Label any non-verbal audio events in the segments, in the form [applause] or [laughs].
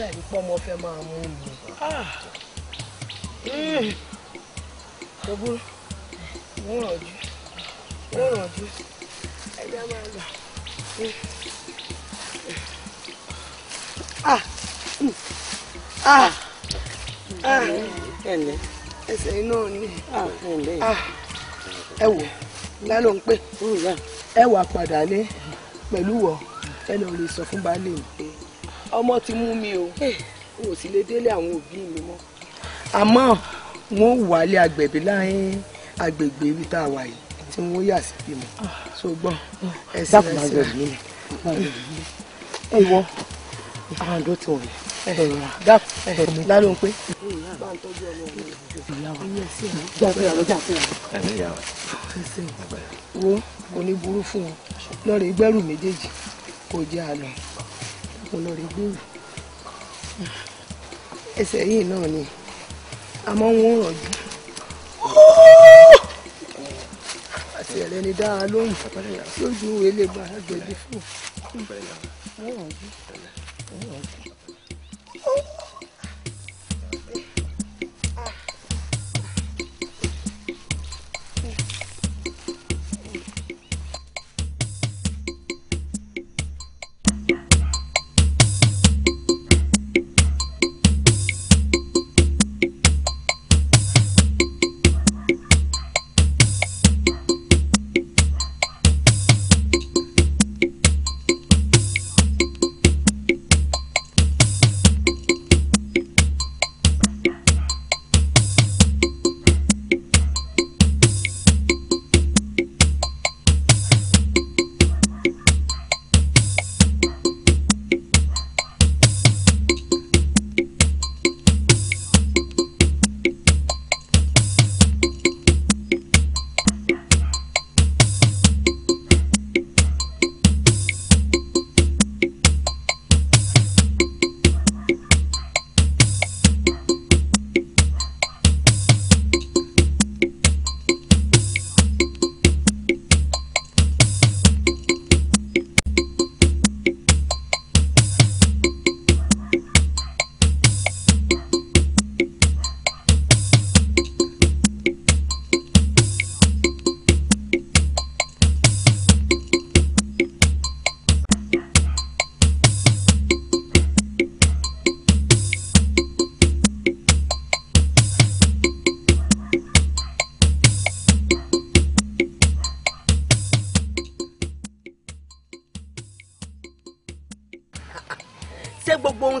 dàbí pọ́ ọmọ fẹ́ máa mú mi. kò burú mo ràn jù mo ràn jù ẹja máa gbà. Ah! Ah! Ah! Ẹ̀lẹ́ ẹsẹ̀ iná ni ah, ah. ẹ wò láló ń pè ẹ wà padà lé pẹ̀lú wọ ẹ lọ lè sọ fún baálé mi ọmọ ti mú mi o o eh, ò sì lè délé àwọn òbí mi mọ́ àmọ́ wọn ò wálé agbẹ̀bí láyín agbègbè ibi tá a wà yìí tí wọn yà sí bímọ ah. so gbọ́n ah, ẹsẹ̀ ẹsẹ̀ ẹ wọ àwọn àdó ti wọ̀nyí eh, eh, lálẹ́ òun pé. wo kò ní burú fún wọn lọ́rọ̀ ìgbẹ́rù méjèèjì kò jẹ́ àlọ́ mo lọ rí gbé mi ẹsẹ̀ yìí náà ni àmọ́ wọn ò rọ̀jú àti ẹ̀rẹ́ ni dára lóhùn lójú ilé gba agbẹ̀bí fún un.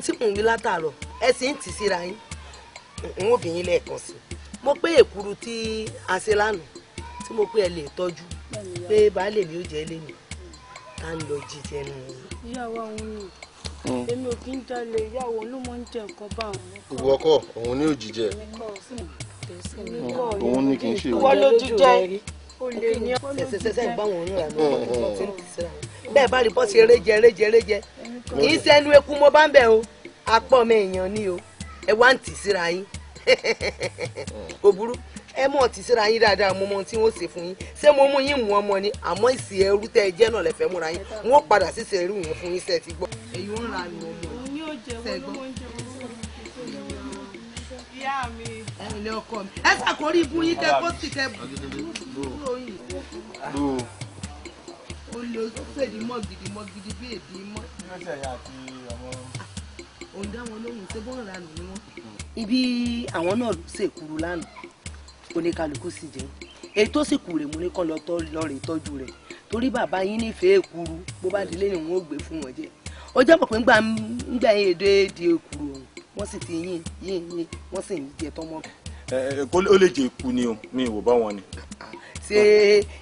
ohun tí mò ń wí látàárọ̀ ẹ sì síra yín n ó bì yín sí i mo pé èkuru tí a ṣe lánàá tí mo pé ẹ lè tọ́jú pé baálé mi ò jẹ́ lẹ́nu tá ń lọ jíjẹ nù. ìyàwó àwọn ni hmm. èmi ò kí ń jalè ìyàwó ló máa ń jẹ nǹkan bá àwọn. ìwọ kọ́ òun ní òjijẹ hmm. òun ní kì í ṣe òun. wọ́n ló jíjẹ sẹsẹsẹsẹ ń bá wọn rìn àná hmm, bẹ́ẹ̀ bá rí bọ́sì eréje eréje eréje kì í ṣẹnu eku mo bá ń bẹ̀ o apọ̀ ọmọ èèyàn ni o ẹ wá ń tì síra yín kò burú ẹ mọ̀ tí síra yín dáadáa mo mọ tí wọ́n ṣe fún yín ṣé mo mú yín mú ọmọ ni àmọ́ ìsì ẹrú tẹ ẹ jẹ́ náà lẹ́fẹ̀ẹ́ múra yín wọ́n padà síse ẹrú yẹn fún yín ṣe gbọ́. èyí ń ra mi ọmọ sẹ́gbọ́n. ìyá mi. ẹ ibú yín kẹ kó sì kẹ bú ó lè pè ní mọ́ gidi mọ́ gidi bí èdè mọ́. kí ló ṣe ẹ̀yà àti àwọn. òun dá wọn lóhùn ṣé bọ́ọ̀n ranù ni wọ́n. ibi àwọn náà ṣèkúrú lánàá oníkálukú sì jẹ́ èyí tó sì kù rè mú ní kán lọ rè tọ́jú rẹ̀ torí bàbá yín nífẹ̀ẹ́ èkuru bó bá délé ni wọ́n ó gbé fún wọn jẹ ó jẹ́ pọ̀ pé ńgbà ńgbà yín èdè di èkuru ọ̀hún wọ́n sì ti yín yín yín wọ́n sì ń jẹ tọ́mọ́. ẹ ẹ ó lè jẹ ikú ni o mi ò bá wọn ni. ṣé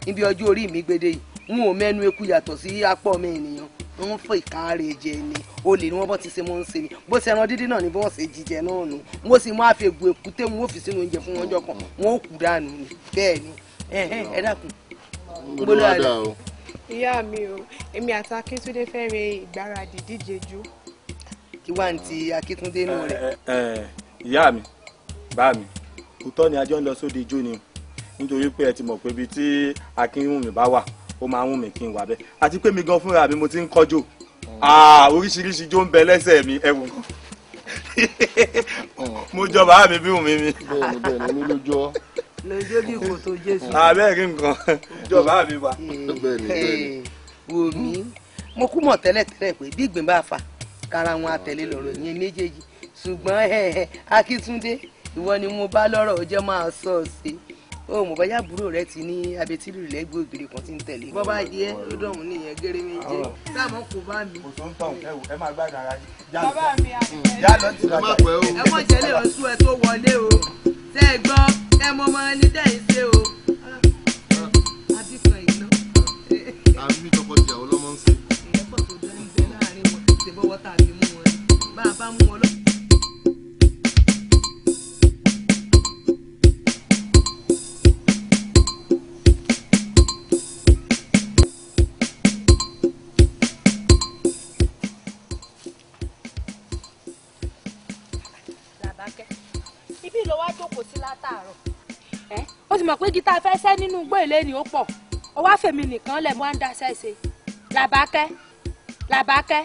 ibi ọjọ́ orí mi gbede yìí n ò mẹ́nu eku yàtọ̀ sí apọ̀ ọmọ ènìyàn ń fún ìkárẹ̀ jẹ ni olè ni wọ́n bọ́ ti ṣe mọ́ ń ṣe ni bó ṣe ẹran dídí náà ni bí wọ́n ṣe jíjẹ náà nù wọ́n sì máa fi egbò èkúté wọn ò fi sínú oúnjẹ fún wọn jọ kan wọn ò kú dànù ni bẹ́ẹ̀ ni ẹ dákun. olúwa dà o. ìyá mi o èmi àti akíntúndé fẹ́ re ìgbáradì díje jù. kí wàá ní ti akíntúndé nù rẹ. ìyá mi bá mi òótọ́ ni ajọ́ ń lọ sóde ijó ni nítorí pé ẹ ti mọ̀ pé ibi tí akínwùmí bá wà ó máa ń wù mí kí n wà bẹ́ẹ̀ àti pé mi gan fúnra mi mo ti ń kọ́jò ah, oríṣiríṣi jó ń bẹ lẹ́sẹ̀ mi ẹ̀wù kan [laughs] mo jọ bàbá mi bí wù mí mi. bẹ́ẹ̀ni bẹ́ẹ̀ni mi ló jọ. lójó bí kò tó jésù. àbẹ́ ah, rí nǹkan jọ bàbá mi wà. bẹ́ẹ̀ni bẹ́ẹ̀ni. wò mí mo kú mọ̀ tẹ́lẹ̀tẹ́lẹ̀ pé bí ìgbín bá fà kára wọn àtẹ̀lé lọ́rọ̀ yẹn méjèèjì ṣùgbọ́n [laughs] Akíntúndé ìwọ ni mo bá lọ́rọ̀ ọjọ́ máa sọ ọ sí i o mọ̀ báyà àbúrò rẹ ti ní abẹ́tílù lẹ́gbẹ̀ẹ́ ògiri kan ti ń tẹ̀lé. bọ́bá yẹ ó dọ̀mù nìyẹn gẹ́rẹ́ mi jẹ́ sáàmù kò bá mi. kò tó ń tàn ẹ wò ẹ máa gbádùn ara yín. bàbá mi àbẹ̀rẹ̀ ẹ má pẹ́ o. ẹ mọ̀ jẹ́lé oṣù ẹ tó wọlé o tẹ́ ẹ gbọ́ ẹ mọ ọmọ ní tẹ́ ẹ ṣe o. adìkan ìná. àbí tọkọtìyàwó lọ́mọ ń ṣe. ìrẹ́pọ̀ tó dán igi tá a fẹ́ sẹ́ nínú igbó ìlé ni ó pọ̀ ọwọ́ àfẹ̀mí nìkan lẹ̀ mú à ń da sẹ́sẹ̀ làbákẹ́ làbákẹ́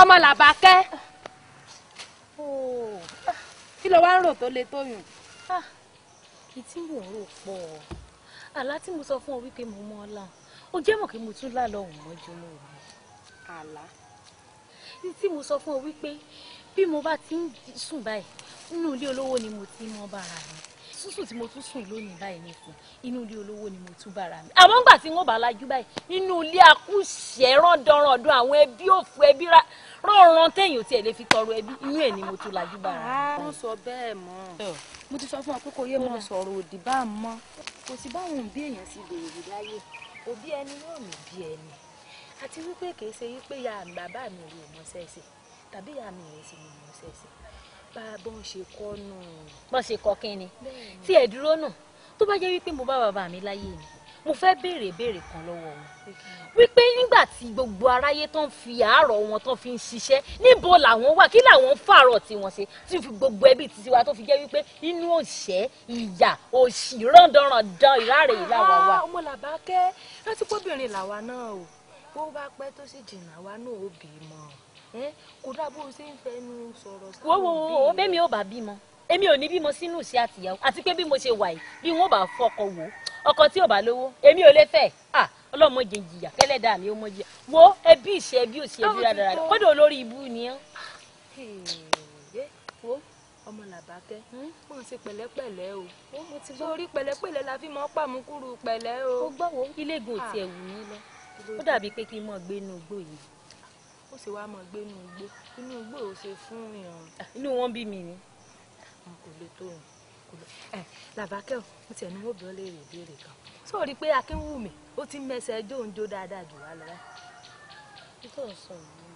ọmọ làbákẹ́ kí ló wá ń rò tó le tó yùn. Ah, kì í tí mò ń rò pọ̀ àlá tí mo sọ fún ọ wípé mo mọ́ ọ láwọn ó jẹ́ mọ̀ pé mo tún lálọ́ òun mọ́jú mọ́ òun. àlá. ní tí mo sọ fún ọ wípé bí mo bá ti ń sùn báyìí nínú ilé olówó ni mo ti mọ́ bára mi sísùn tí mo tún sùn lónìí báyìí nìkan inú ilé olówó ni mo tún bára mi àmọ́ ńgbà tí wọ́n bá lajú báyìí inú ilé akúṣẹ́ rọ́ndọ̀rọ̀ ọdún àwọn ẹbí òfu ẹbí rọ̀rùn téèyàn tiẹ̀ lè fi tọrọ ẹbí inú ẹ̀ ni mo tún lajú bára mi. Ah, wọ́n sọ bẹ́ẹ̀ mọ́ mo ti sọ fún ọ pé kò yé mọ sọ̀rọ̀ òdì bá mọ́ kò sí báwọn òbí èèyàn sì béèrè láyé òbí ẹni yóò ní bí ẹni àti wípé kì í ṣe wípé ya bàbá mi ò mọ̀ ṣẹ́ṣe tàbí ya mi ò sì mọ̀ ṣẹ́ṣe bá bọ́n ṣe kọ́ nù. bọ́n ṣe kọ́ kí ni tí ẹ̀ dúró nù tó bá jẹ́ wípé mo bá bàbá mi láyé mi mo fẹ́ béèrè béèrè kan lọ́wọ́ wọn wípé nígbà tí gbogbo aráyé tó ń fi àárọ̀ wọn tó fi ń ṣiṣẹ́ níbo làwọn wà kí làwọn ń fàárọ̀ tiwọn ṣe tí gbogbo ẹbí títí wa tó fi jẹ́ wípé inú òṣẹ́ ìyà òṣì rándanrandan ìráre yìí làwa wà. Ah, ọmọ làbákẹ́ rántí pọ́bìnrin làwa náà o bó bá pẹ́ tó sì jìnnà wa náà ó bì í mọ́ ọ kò dáa bó o ṣe ń fẹnu sọ̀rọ̀ sí. wo wo wo bẹ́ẹ̀ mi ò bá bímọ èmi ò ní bímọ sínú ìṣe àtìyàwó àti pé bí mo ṣe wà yìí bí wọn bá fọkọ wò ọkọ tí ò bá lówó èmi ò lè fẹ́ ah ọlọ́mọ jẹ jìyà kẹlẹ́dàá mi ò mọ jìyà wo ẹbí ìṣe ẹbí òṣì ẹbí rárá kódà olórí ibú ni ẹ. wo ọmọ làbákẹ́ mọ̀ hmm? sí pẹ̀lẹ́pẹ̀lẹ́ o sórí pẹ̀lẹ́pẹ̀lẹ́ la fi mọ́ pàmùkúrú pẹ̀lẹ́ o. ó gbọ́ wo ilé ìgbọ̀n ò tiẹ̀ wù mí lọ ó dàbí pé kí n mọ̀ gbénu gbòyè ó sì wá mọ̀ gbé inú igbó inú igbó ò ṣe fún yàn. Ah, inú wọn bí mi ni. wọn kò lè tó òun kò lè. ẹ eh, làbákẹ́ ò mo tiẹ̀ ní wọ́n bí wọ́n lè rè béèrè kan sórí pé akínwùmí ó ti mẹsẹ̀ ẹjọ́ òun dáadáa jù wá lọ́wọ́. nítorí sọ yìí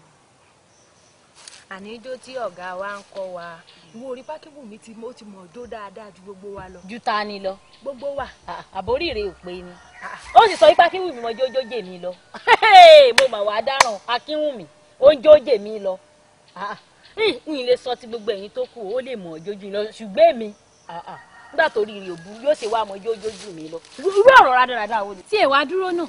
àníjó tí ọ̀gá wa ń kọ́ wa ìwọ orí pákíbùnmi tí mo ti mọ̀ ọjọ́ dáadáa ju gbogbo wa lọ. ju ta ni lọ. gbogbo wa. Ah, àbórí rẹ ò pé ni. Ah, ó sì sọ pé pákíbùnmi mọ jójójè mi lọ. [laughs] mo mà wá dáràn akínwùmí oúnjẹ ó jè mí lọ ah, ah. n lè sọ ti gbogbo ẹ̀yin tó kù ó lè mọ̀ ojójú lọ ṣùgbọ́n èmi ah, nígbà tó rí rí òbu yóò ṣe wá mọ ojójú mi lọ irú ọ̀rọ̀ rádaràdà wo ni. tí ẹ wá dúró náà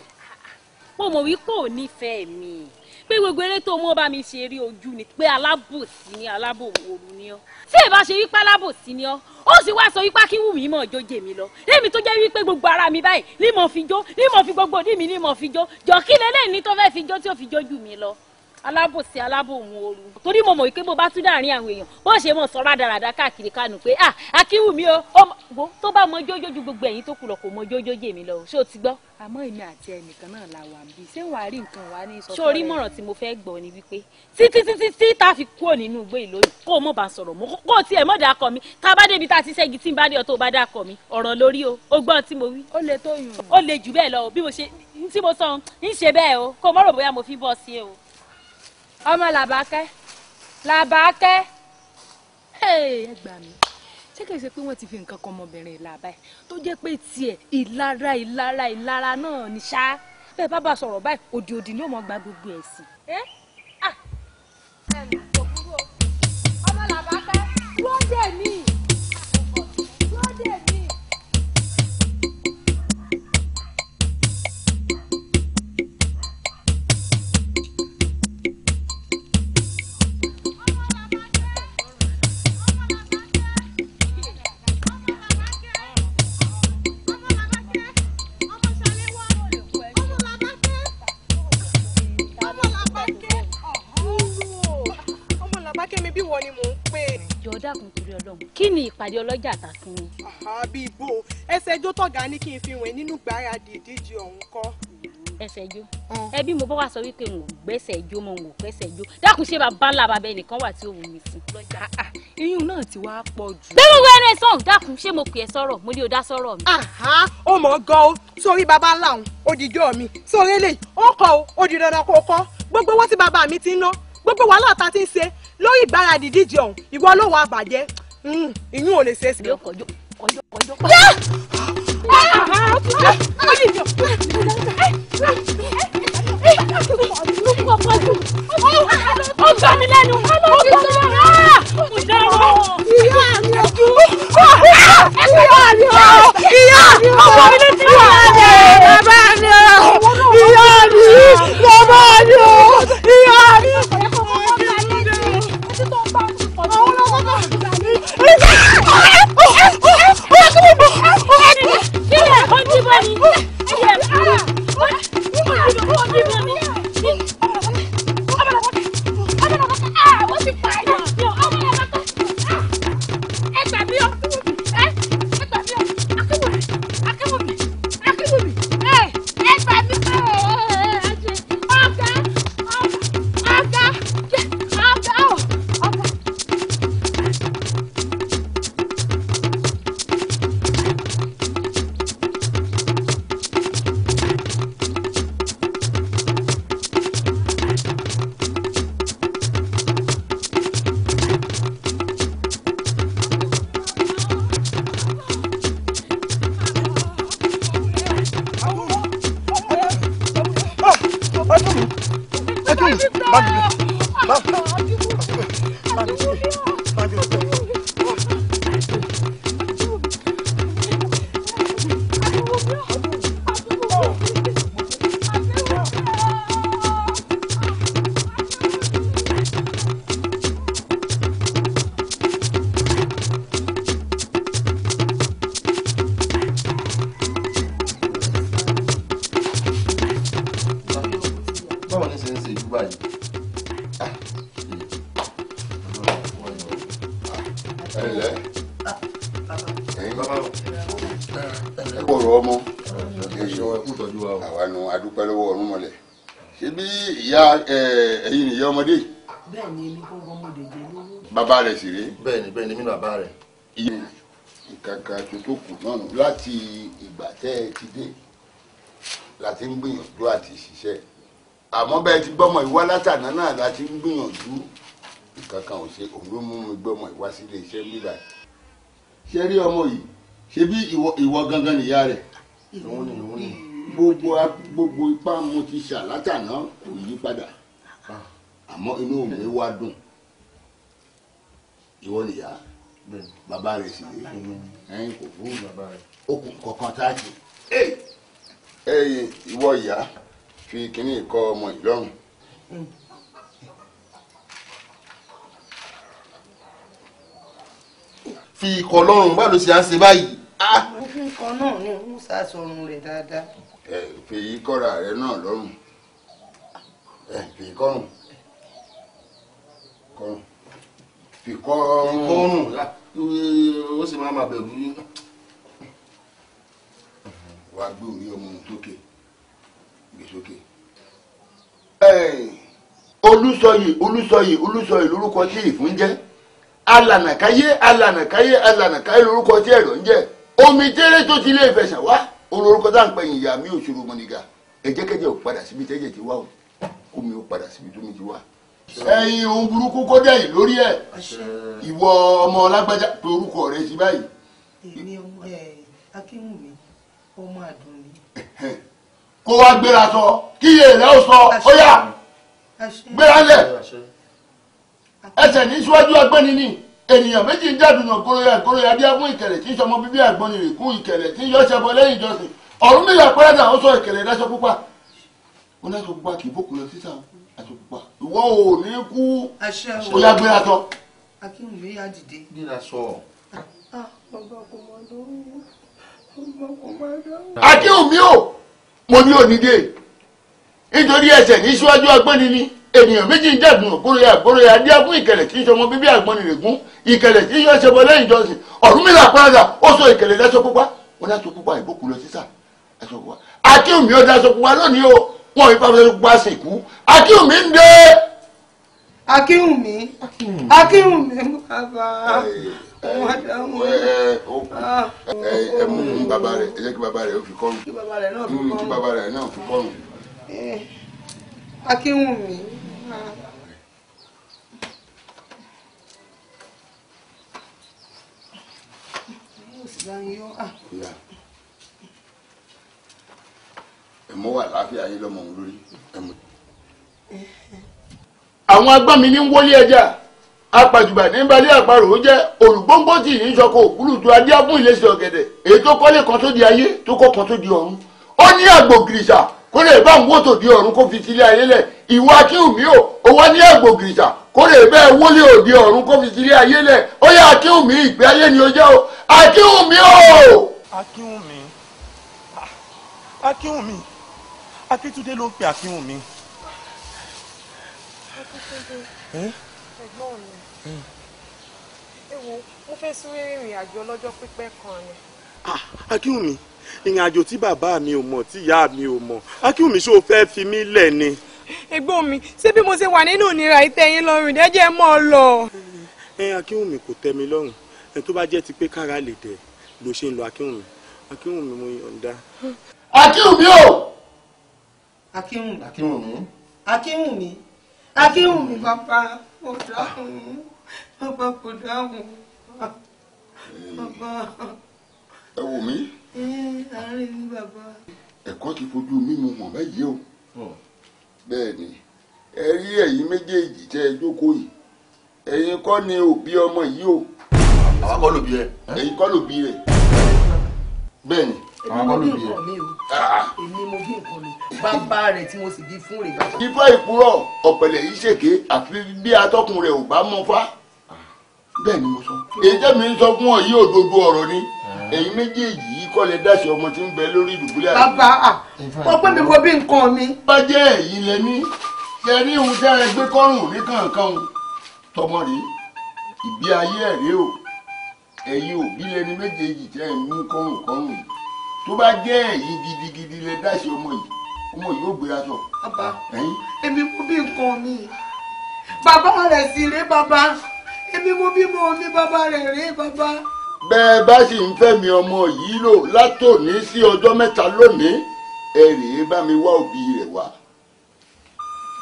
mo mọ̀ wípé ò nífẹ̀ẹ́ mi pé gbogbo eré tó mọ́ bá mi ṣe rí ojú ni pé alábòsí ni alábòwòrú ni ọ́ tí ẹ bá ṣe wípé alábòsí ni ọ́ ó sì wá sọ wípé kí wù mí mọ̀ jójè mi lọ lẹ́mi tó jẹ́ wípé gbogbo ara mi báyìí ní mo fi jó ní mo fi gbogbo òdì mi ní mo fi jó jọ̀kí lélẹ́yìn ní tó fẹ́ fi jó tí ó fi jójú mi lọ alábòsí alábòhun ooru torí mo mọ̀ wípé bó bá tún dáàrin àwọn èèyàn bó ṣe mọ̀ sọ́ra dáradá káàkiri kánú pé ah akínwùmí o tó bá mọ jójó ju gbogbo ẹ̀yìn tó kù lọ kò mọ jójó jèmi lọ ṣé o ti gbọ́. àmọ́ èmi àti ẹnìkan náà la wà níbí ṣé wàá rí nǹkan wá ní ìsọfúnra rẹ. sórí mọ̀ràn tí mo fẹ́ gbọ́ ni wípé títí títí tí tá a fi kúrò nínú igbó ìlú kó o mọ̀ bá sọ̀rọ̀ mọ́ kó o tiẹ̀ mọ̀ dáa kọ mi tá a bá débi tá a ti ṣẹ́gi tí n o bá o le tó yùn. ó le jù bẹ́ẹ̀ lọ bí mo ṣe tí mo sọ ń ṣe o kó o mọ̀ rò ọmọ làbákẹ́ làbákẹ́ ẹ gbà mí ṣé kìí ṣe pé wọ́n ti fi nǹkan kan ọmọbìnrin làbá ẹ̀ tó jẹ́ pé tiẹ̀ ìlara ìlara ìlara náà ni ṣá bẹ́ẹ̀ bá bá sọ̀rọ̀ báyìí òdì òdì ni ó mọ̀ gba gbogbo ẹ̀ sí. ẹ eh? ah ẹ nà. ni ìpàdé ọlọ́jà àtàkùn mi. àbí ibo ẹsẹ̀ ijó tọ̀gá ní kí n fi wẹ̀ nínú gbáradì ìdíje ọ̀hún kọ́. ẹsẹ̀ ijó ẹbí mo bá wà sọ wípé n ò gbẹ́sẹ̀ ijó mo n ò gbẹ́sẹ̀ ijó dákun ṣé bàbá ńlá bàbá ẹnìkan wà tí ó wù mí sí. Ah, ah, iyún náà ti wá pọ̀ jù. bí gbogbo ẹni sọ̀hún dákun ṣé mo pè ẹ́ sọ̀rọ̀ mo ní o dá sọ̀rọ̀ mi. ó mọ̀ gan o sórí bàbá ńlá òun ó di ijó mi sórí eléyìí ó kọ o ó di dandan kó o kọ gbogbo owó tí bàbá mi ti ń ná gbogbo wàhálà ta ti ń ṣe lórí ìgbáradì díje ọ̀hún ìwọ ló wà bàjẹ́ ìyún ò lè ṣe é sí. ó gbà mí lẹ́nu ó Ọdí bọ̀ mi. Ọdí bọ̀ mi. bá mi lọ bá mi lọ bá mi lọ. bàbá rẹ̀ sì rèé. bẹ́ẹ̀ni bẹ́ẹ̀ni mi bàbá rẹ̀. iye ìkàkà tuntun kù náà nù láti ìgbà tẹ́ ẹ ti dé láti ń gbìyànjú àti ṣiṣẹ́ àmọ́ bẹ́ẹ̀ ti gbọ́mọ ìwá látàná náà láti ń gbìyànjú ìkankan ò ṣe òun ló mú mi gbọ́mọ ìwá sílé iṣẹ́ nígbà yìí ṣe rí ọmọ yìí ṣe bí ìwọ gangan nìyá rẹ̀ gbogbo gbogbo ipá mo ti ṣà látàná kò yí padà ah. àmọ́ inú mi wá dùn ìwọ nìyá bàbá rẹ̀ sì lé ẹyin kò fún okùn kọ̀ọ̀kan táàkì ẹyin ìwọ ìyá fi kínní kọ ọmọ yìí lọ́rùn. fi ikọ̀ lọ́rùn báwo ló ṣe à ń ṣe báyìí. mo fi ikọ̀ náà ní musa sọrun rẹ̀ dáadáa. ẹ fi yí kọ́ra rẹ náà lọ́rùn ẹ fi kọ́rùn kọ́rùn fìkọ́ ọ̀nù ó sì máa ma bẹ̀rù yín wàá gbé orí ọmọ sókè gbé sókè. olùsọyè olùsọyè olùsọyè lórúkọ tí ìfún jẹ́ alànàkáyé alànàkáyé alànàkáyé lórúkọ tí ẹ̀rọ ń jẹ́ omi tẹ́lẹ̀ tó ti lè fẹsẹ̀ wá olórúkọ tá à ń pè yìnyín àmì òṣèlú mọ́nìkà ẹ̀jẹ̀kẹ̀jẹ̀ ò padà síbi tẹ́jẹ̀ ti wá o omi ò padà síbi tómi ti wá ẹyin ohun burúkú kó dẹ̀ yìí lórí ẹ̀ ìwọ ọmọ lágbájá pé orúkọ rẹ ti báyìí. èmi akínwùmí ọmọ àdùnní. kó wá gbéra sọ kí iye rẹ ó sọ ó yá gbéra lẹ ẹsẹ̀ ní síwájú agbẹ́ni ni ènìyàn méjì ń jàdùnà kóróyà kóróyà bí agún ìkẹlẹ̀ tí ń sọmọ bíbí àgbọ̀nì rè kún ìkẹlẹ̀ tí ń yọ ṣẹbọ lẹ́yìn ìjọsìn ọ̀run mi yà pẹ́rẹ́dà ó sọ ìkẹlẹ̀ ìdáṣọ pupa ó lẹ́sọ̀ pupa kì í bókun lọ sísà o àtùpà ìwọ ò ní kú ó yá gbéra tọ. akínwùmí yá dìde. nílà sọ. bàbá kò mọ dọ́wọ́ bàbá kò mọ dọ́wọ́. akínwùmí o mo ní onídé nítorí ẹsẹ̀ ní síwájú agbọ́ni ni ènìyàn méjì ń jàdùn ògbóróyà ògbóróyà adé agún ìkẹlẹ̀ tí ń sọmọ bíbí àgbọ̀nì rẹ̀ gún ìkẹlẹ̀ tí ń yọ ṣẹbọ lẹ́yìn ìjọsìn Ọ̀rúnmìlà pàdà ó sọ ìkẹlẹ̀ dáṣọ pupa ó dáṣọ pupa ìbókù lọ sísà ẹ̀ṣọ́ pupa Akínwùmí ó dáṣọ pupa lónìí o wọn ìfẹ́ fẹ́ gbọ́ àsìkú akínwùmí ń dé. akínwùmí akínwùmí mú bàbá ẹ mú bàbá rẹ ẹ jẹ́ kí bàbá rẹ ó fi kọrùn kí bàbá rẹ náà fi kọrùn. akínwùmí. Yeah ẹ mọ wà láàfíà yín lọmọ òun lórí ẹ àwọn agbọ́n mi ní ń wọlé ẹja apàjùbà ní balẹ̀ àparò jẹ́ olùgbòǹgbò yìí ń sọkọ òkúlù tó ìlẹsẹ̀ ọ̀gẹ̀dẹ̀ èyí tó kọ́lé kan tó di ayé tó kọ́ kan tó di ọ̀run ó ní àgbò gìrìsà kó lè bá òun wòtò di ọ̀run kó fi sílé ayé lẹ̀ ìwà kí omi ò ó wá ní àgbò gìrìsà kó lè bẹ́ẹ̀ wọlé òdi ọ̀run kó fi sílé ayé lẹ̀ ó yẹ akíwùmí ìgbé ayé ni ó jẹ́ o akíwùmí o. akíwùmí ah. akíwùmí Akíntúndé ló ń pe àfihàn mi. Akíntúndé mi ewo mo fẹ́ sún ìrìn àjò ọlọ́jọ́ pípẹ́ kan ni. Ah, Akíwùmí ìrìn àjò tí bàbá mi ò mọ̀ tí ìyá mi ò mọ̀ Akíwùmí ṣó fẹ́ fi mí lẹ̀ ni. ẹ̀gbọ́n mi ṣé bí mo ṣe wà nínú ìnira ìtẹ̀yìn lọ́rùn ìdẹ́jẹ́ mọ́ ọ lọ. ẹ Akíwùmí kò tẹ́ mi lọ́rùn ẹ tó bá jẹ́ ti pé kára lè dẹ̀ ló ṣe ń lọ Akíwùmí Akíwùmí mo yọ̀ǹda. Akíwùmí o akínwùmí akínwùmí akínwùmí akínwùmí bàbá kò dáhùn bàbá kò dáhùn bàbá. ẹ wò mí. ẹ àárín ní bàbá. ẹ̀kọ́ ti fojú mímu hàn báyìí o bẹ́ẹ̀ ni ẹ rí ẹ̀yin méjèèjì tẹ́ ẹ jókòó yìí ẹ̀yin kọ́ ni òbí ọmọ yìí o. àwa kọ́ lòbí rẹ̀. ẹ̀yin kọ́ lòbí rẹ̀ bẹ́ẹ̀ ni èmi mo bí nǹkan mi o ah, ah. èmi mo bí nǹkan mi bàbá rẹ tí mo sì bí fún rẹ. ifá ìpúrọ̀ ọ̀pẹ̀lẹ̀ yìí ṣèké àfi bí atọ́kùn rẹ̀ ò bá mọ fá bẹ́ẹ̀ ni mo sọ. èjẹ́ mi ń sọ fún ọ yí òdodo ọ̀rọ̀ ni èyí méjèèjì yìí kọ́ lẹ dáṣẹ ọmọ tí ń bẹ lórí ìdùbúlẹ̀ àná. bàbá wọ́n pè mí mo bí nǹkan mi. bá jẹ́ èyí lẹ ní ṣe ní ohun tí ẹ gbé kọ́rùn ní kankan tọmọ rí ìbí ayé ẹ̀rẹ́ o ẹ̀yin òbí lẹni méjèèjì tẹ́ ẹ̀ ń mú kọ́rùn kọ́rùn yìí tó bá jẹ́ ẹ̀yin gidigidi lẹ dáṣe ọmọ yìí ọmọ yìí ó gbéra sọ. bàbá èmi mú bí nǹkan mi bàbá rẹ̀ sì rèé bàbá èmi mú bí mo ní bàbá rẹ̀ rèé bàbá. bẹ́ẹ̀ bá sì ń fẹ́ mi ọmọ yìí lò látòní sí ọjọ́ mẹ́ta lónìí ẹ rèé bá mi wá òbí rẹ̀ wá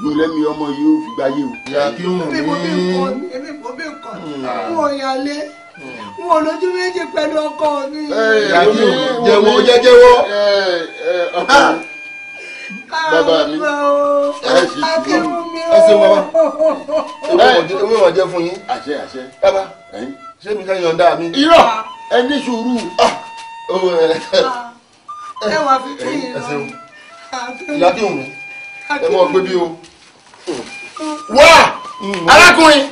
nulẹ̀ mi ọmọ yìí ó fi gbáyé o. ìyá èmi mú bí nǹkan mi èmi mú bí nǹkan mi mo yàn lé n ò lójú méjì pẹ̀lú ọkọ mi. àti jẹ́wọ́ jẹ́jẹ́wọ́. Ah! bàbá mi ẹ ṣe tí ẹ ṣe [laughs] wọ́n wá ewé wọn jẹ́ fún yín. àṣẹ àṣẹ. bàbá ṣé mi ká yọ̀ǹda mi. irọ́ ah! ẹ ní sùúrù. Ah! ẹ wà fi kí n lọ. ìyá tí ò ń ẹ mọ̀ gbé bí o. wá mm. arákùnrin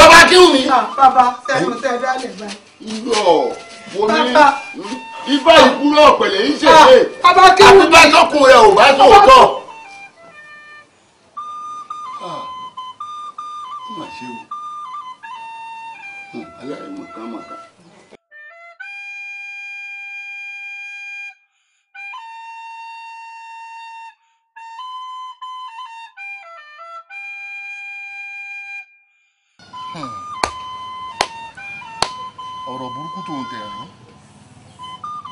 bàbá kí wù mí. Ah, bàbá sẹ́nu tẹ́ dálẹ̀ báyìí. irọ́ mo ní ibà ìkúrò ọ̀pẹ̀lẹ̀ yìí ṣèṣe ah, àti bá sọ́kùn rẹ̀ ò bá sọ̀tọ̀. mà ah, ṣe o hmm, aláìmọ̀ká màkà. burúkú tó ń tẹ̀ rán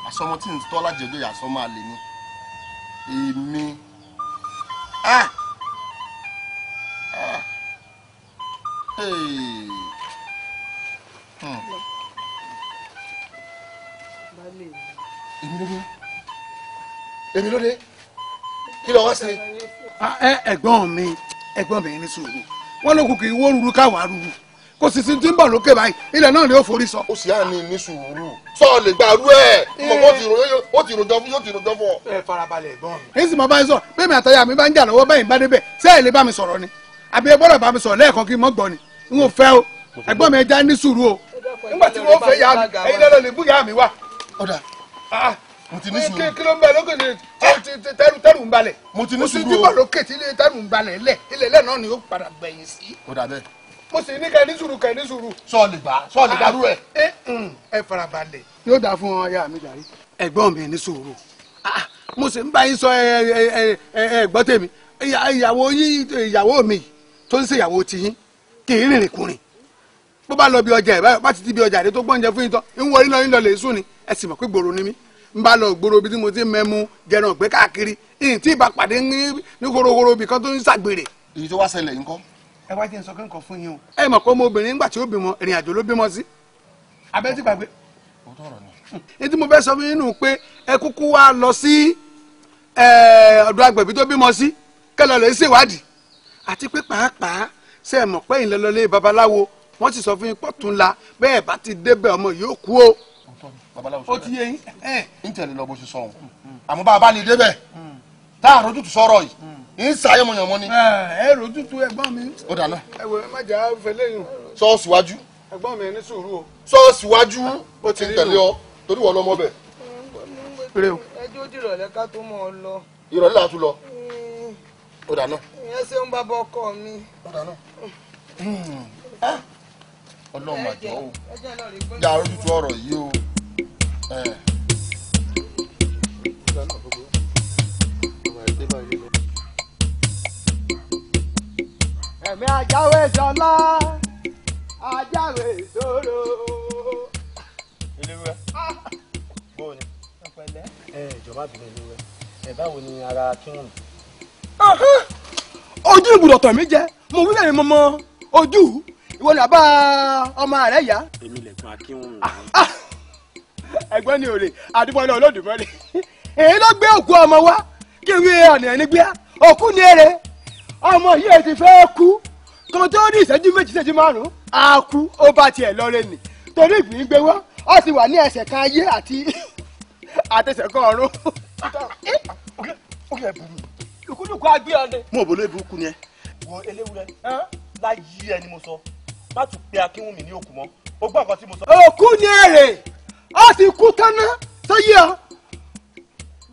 àsọmọ tí ń tọ́ lájẹjọ́ yà sọmọ àlè ni èmi hmm. èmi ló dé èmi ló dé kí lọ wá sí. Ah, ẹ̀gbọ́n mi ẹ̀gbọ́n mi ní sùúrù wọ́n ló kù kì í wó ruru káwá kò sì sí ti ń bọ̀ lókè báyìí ilẹ̀ náà ni ó forí sọ. ó sì á ní ní sùúrù sọ lè gbàrú ẹ mọ ó ti rojọ fún yóò ti rojọ fún ọ. ẹ farabalẹ̀ gbọ́n. èyí sì máa bá yín sọ bẹ́ẹ̀ mi àtàyà mi bá ń jà lọ́wọ́ bẹ́ẹ̀ ń bá débẹ̀ ṣé ẹ lè bá mi sọ̀rọ̀ ni àbí ẹ gbọ́dọ̀ bá mi sọ̀rọ̀ lẹ́ẹ̀kan kí n mọ́ gbọ́ ni n ò fẹ́ o ẹ̀gbọ́n mi ẹ ní sùúrù o. nígbà tí wọ́n fẹ́ yà o. Ah, ah. mo ti ní bọ̀ lókè tí mo sì ní kẹ́ ní sùúrù kẹ́ ní sùúrù. sọ́ọ̀lì gbà sọ́ọ̀lì gbàrú ẹ̀. Ah, eh, mm, ẹ farabalẹ̀. yóò dáa fún ọ ya mi jàre. ẹ̀gbọ́n mi ní sùúrù ah, mo sì ń bá yín sọ ẹ̀gbọ́n tèmi ìyàwó yín ìyàwó mi tó ń ṣèyàwó tiyín kì í rìnrìn kùnrin bó bá lọ bí ọjà ẹ̀ báyọ̀ bá ti ti bí ọjà rẹ tó gbọ́njẹ fún yín tán ń wọlé lọ́yìn lọ lè sùn ni ẹ sì mọ̀ pé gbòòrò ni mí ń bá lọ gbòòrò bí tí mo ti mẹ́mu jẹran ọ̀gbẹ́ káàkiri ìyìn tí ìbá pàdé ní horohoro bìkan tó ń ṣàgbèrè. èyí tó wá ṣẹlẹ̀ ńkọ́ ẹ wá jẹ́ n sọ kí n kọ fún yín o. ẹ mọ̀ pé ọmọbìnrin nígbà tí ó bímọ ìrìn àjò ló bímọ sí. abẹ́ ti gbàgbé. ní tí mo fẹ́ sọ fún yín nù pé ẹ kúkú wá lọ sí ọ̀dọ̀ agbẹ̀bí tó bímọ sí kẹlẹ́ lè ṣèwádìí àti pé pàápàá ṣe é mọ̀ pé ìlọlọ́lé babaláwo wọ́n sì sọ fún yín pọ̀tún la bẹ́ẹ̀ bá ti débẹ̀ ọmọ yóò kú o. ó ti yé yín. ń tẹ̀lé lọ bó ṣe sọ òun àmọ́ bá a tá àròjù tó sọ̀rọ̀ ń sa yánmọ̀yánmọ́ ni. Ah, ẹ rò tútù ẹ̀gbọ́n mi. ó dáná. ẹ wò má jà fẹlẹ́yìn. sọ́ọ̀sì wájú. ẹ̀gbọ́n mi ní sùúrù o. sọ́ọ̀sì wájú ah, ó ti tẹ̀lé ọ torí wọ́n lọ́mọ bẹ̀. ẹjọ́ dìrọ̀lẹ́ ká tó mọ̀ ọ lọ. ìrọ̀lẹ́ làá tún lọ. Hmm. ó dáná. ìyẹn ṣe ń bá bọ ọkọ mi. ó dáná. Hmm. Ah. ọlọ́run àjọ o yà á tútù ọ̀rọ̀ yìí o. Thank eh. you. ẹ̀mí ajáwé sọlá ajáwé ìṣòro. eléwé bóò ni. ẹ ìjọba bìnrin eléwé ẹ báwo ni ara kíwọ̀n. ojú ìbùdó tọ̀ mí jẹ mo wí lẹ́yìn mọ́mọ́ ojú ìwọ ni àbá ọmọ rẹ yá. èmi lè gba kíwọ̀n. Ah, ah. ẹ̀gbọ́n ni òrè àdúgbòlè olódùmọ̀lẹ̀ èyí ló gbé òkú ọmọ wa kí n wí ọ̀nà ẹni gbé òkú ni èrè ọmọ yìí ti fẹ́ kú kò tó ní ìṣẹ́jú méjì ìṣẹ́jú márùn-ún á kú ó bá tiẹ̀ lọ́rẹ́ nì torí ìgbín gbé wá ó sì wà ní ẹsẹ̀ kan ayé àti [laughs] àtẹsẹ̀ kan ọ̀run. lùkúlùkù agbé ọdẹ. mo bò ló ibi kú ni ẹ. wọ eléwúrẹ láyé ẹ ni mo sọ má tún pe akínwùmí ní òkú mọ́ ó gbọ́ nǹkan tí mo sọ. òkú ni èrè ó ti kú tánná sẹ́yìn ọ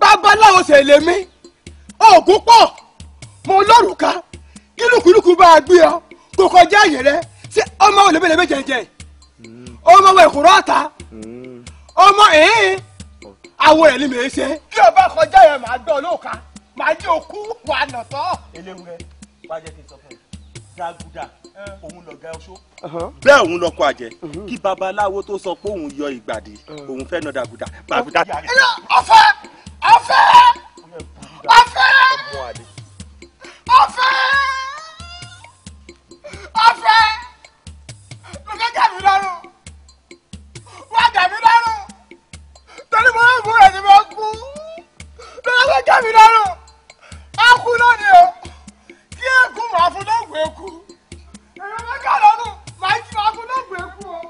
babaláwo ṣèlémí òkú pọ̀ mo lọ́rùka kílùkùlùkù bá a gbé ọ kò kọjá àyè rẹ sí ọmọ olèbèlèbè jẹjẹ ọmọ wẹ̀ kúrọ́ ọmọ ẹ̀ẹ́n àwọ̀ rẹ̀ ni mèé ṣe. bí o bá kọjá yẹn màá dán olóòka màá jẹ́ okú wà nọ̀tọ́. eléwúrẹ́ wàá jẹ́ kí n sọ fún ẹ gàgùdà òun lọ̀gá ọṣọ́. bẹ́ẹ̀ òun lọkọ àjẹ́ kí babaláwo tó sọ pé òun yọ ìgbàdí òun fẹ́ nọ dàgùdà dàgùdà. ọfẹ ọfẹ ọfẹ ọ̀fẹ́ ọ̀fẹ́ lókè gàmí lọ́rùn wà gàmí lọ́rùn torí mo yóò múra ni mo kú lókè gàmí lọ́rùn á kú lónìí o kí èkú màá fún lóògùn èkú èmi lókè lọ́rùn màá jí màá fún lóògùn èkú o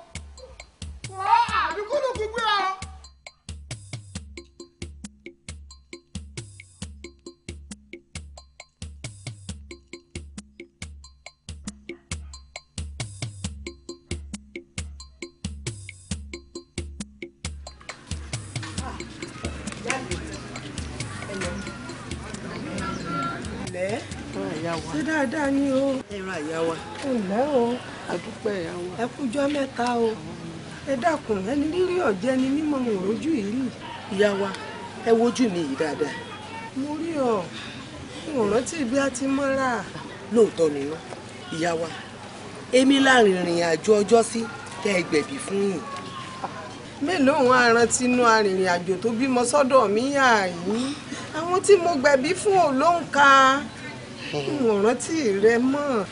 dáadáa ni o. ẹran àyà wa. ǹlẹ́ o. àdúpẹ́ ẹ̀yà wa. ẹ kújọ́ mẹ́ta o. ẹ dákun ẹni rírí ọ̀jẹ́ ni mímọ òrojú yìí rí. ìyá wa ẹ wojú mi yìí dáadáa. mo rí ọ n ò rántí bí a ti mọ́ra. lóòótọ́ ni wọ́n ìyá wa èmi láàrin ìrìn àjò ọjọ́ sí tẹ́ ẹ gbẹ̀bí fún yìí mélòó àwọn arántí inú arìnrìn àjò tó bímọ sọ́dọ̀ mi yàn yín àwọn tí mo gbẹ̀bí fún òun ló ń ka n ò rántí rẹ mọ́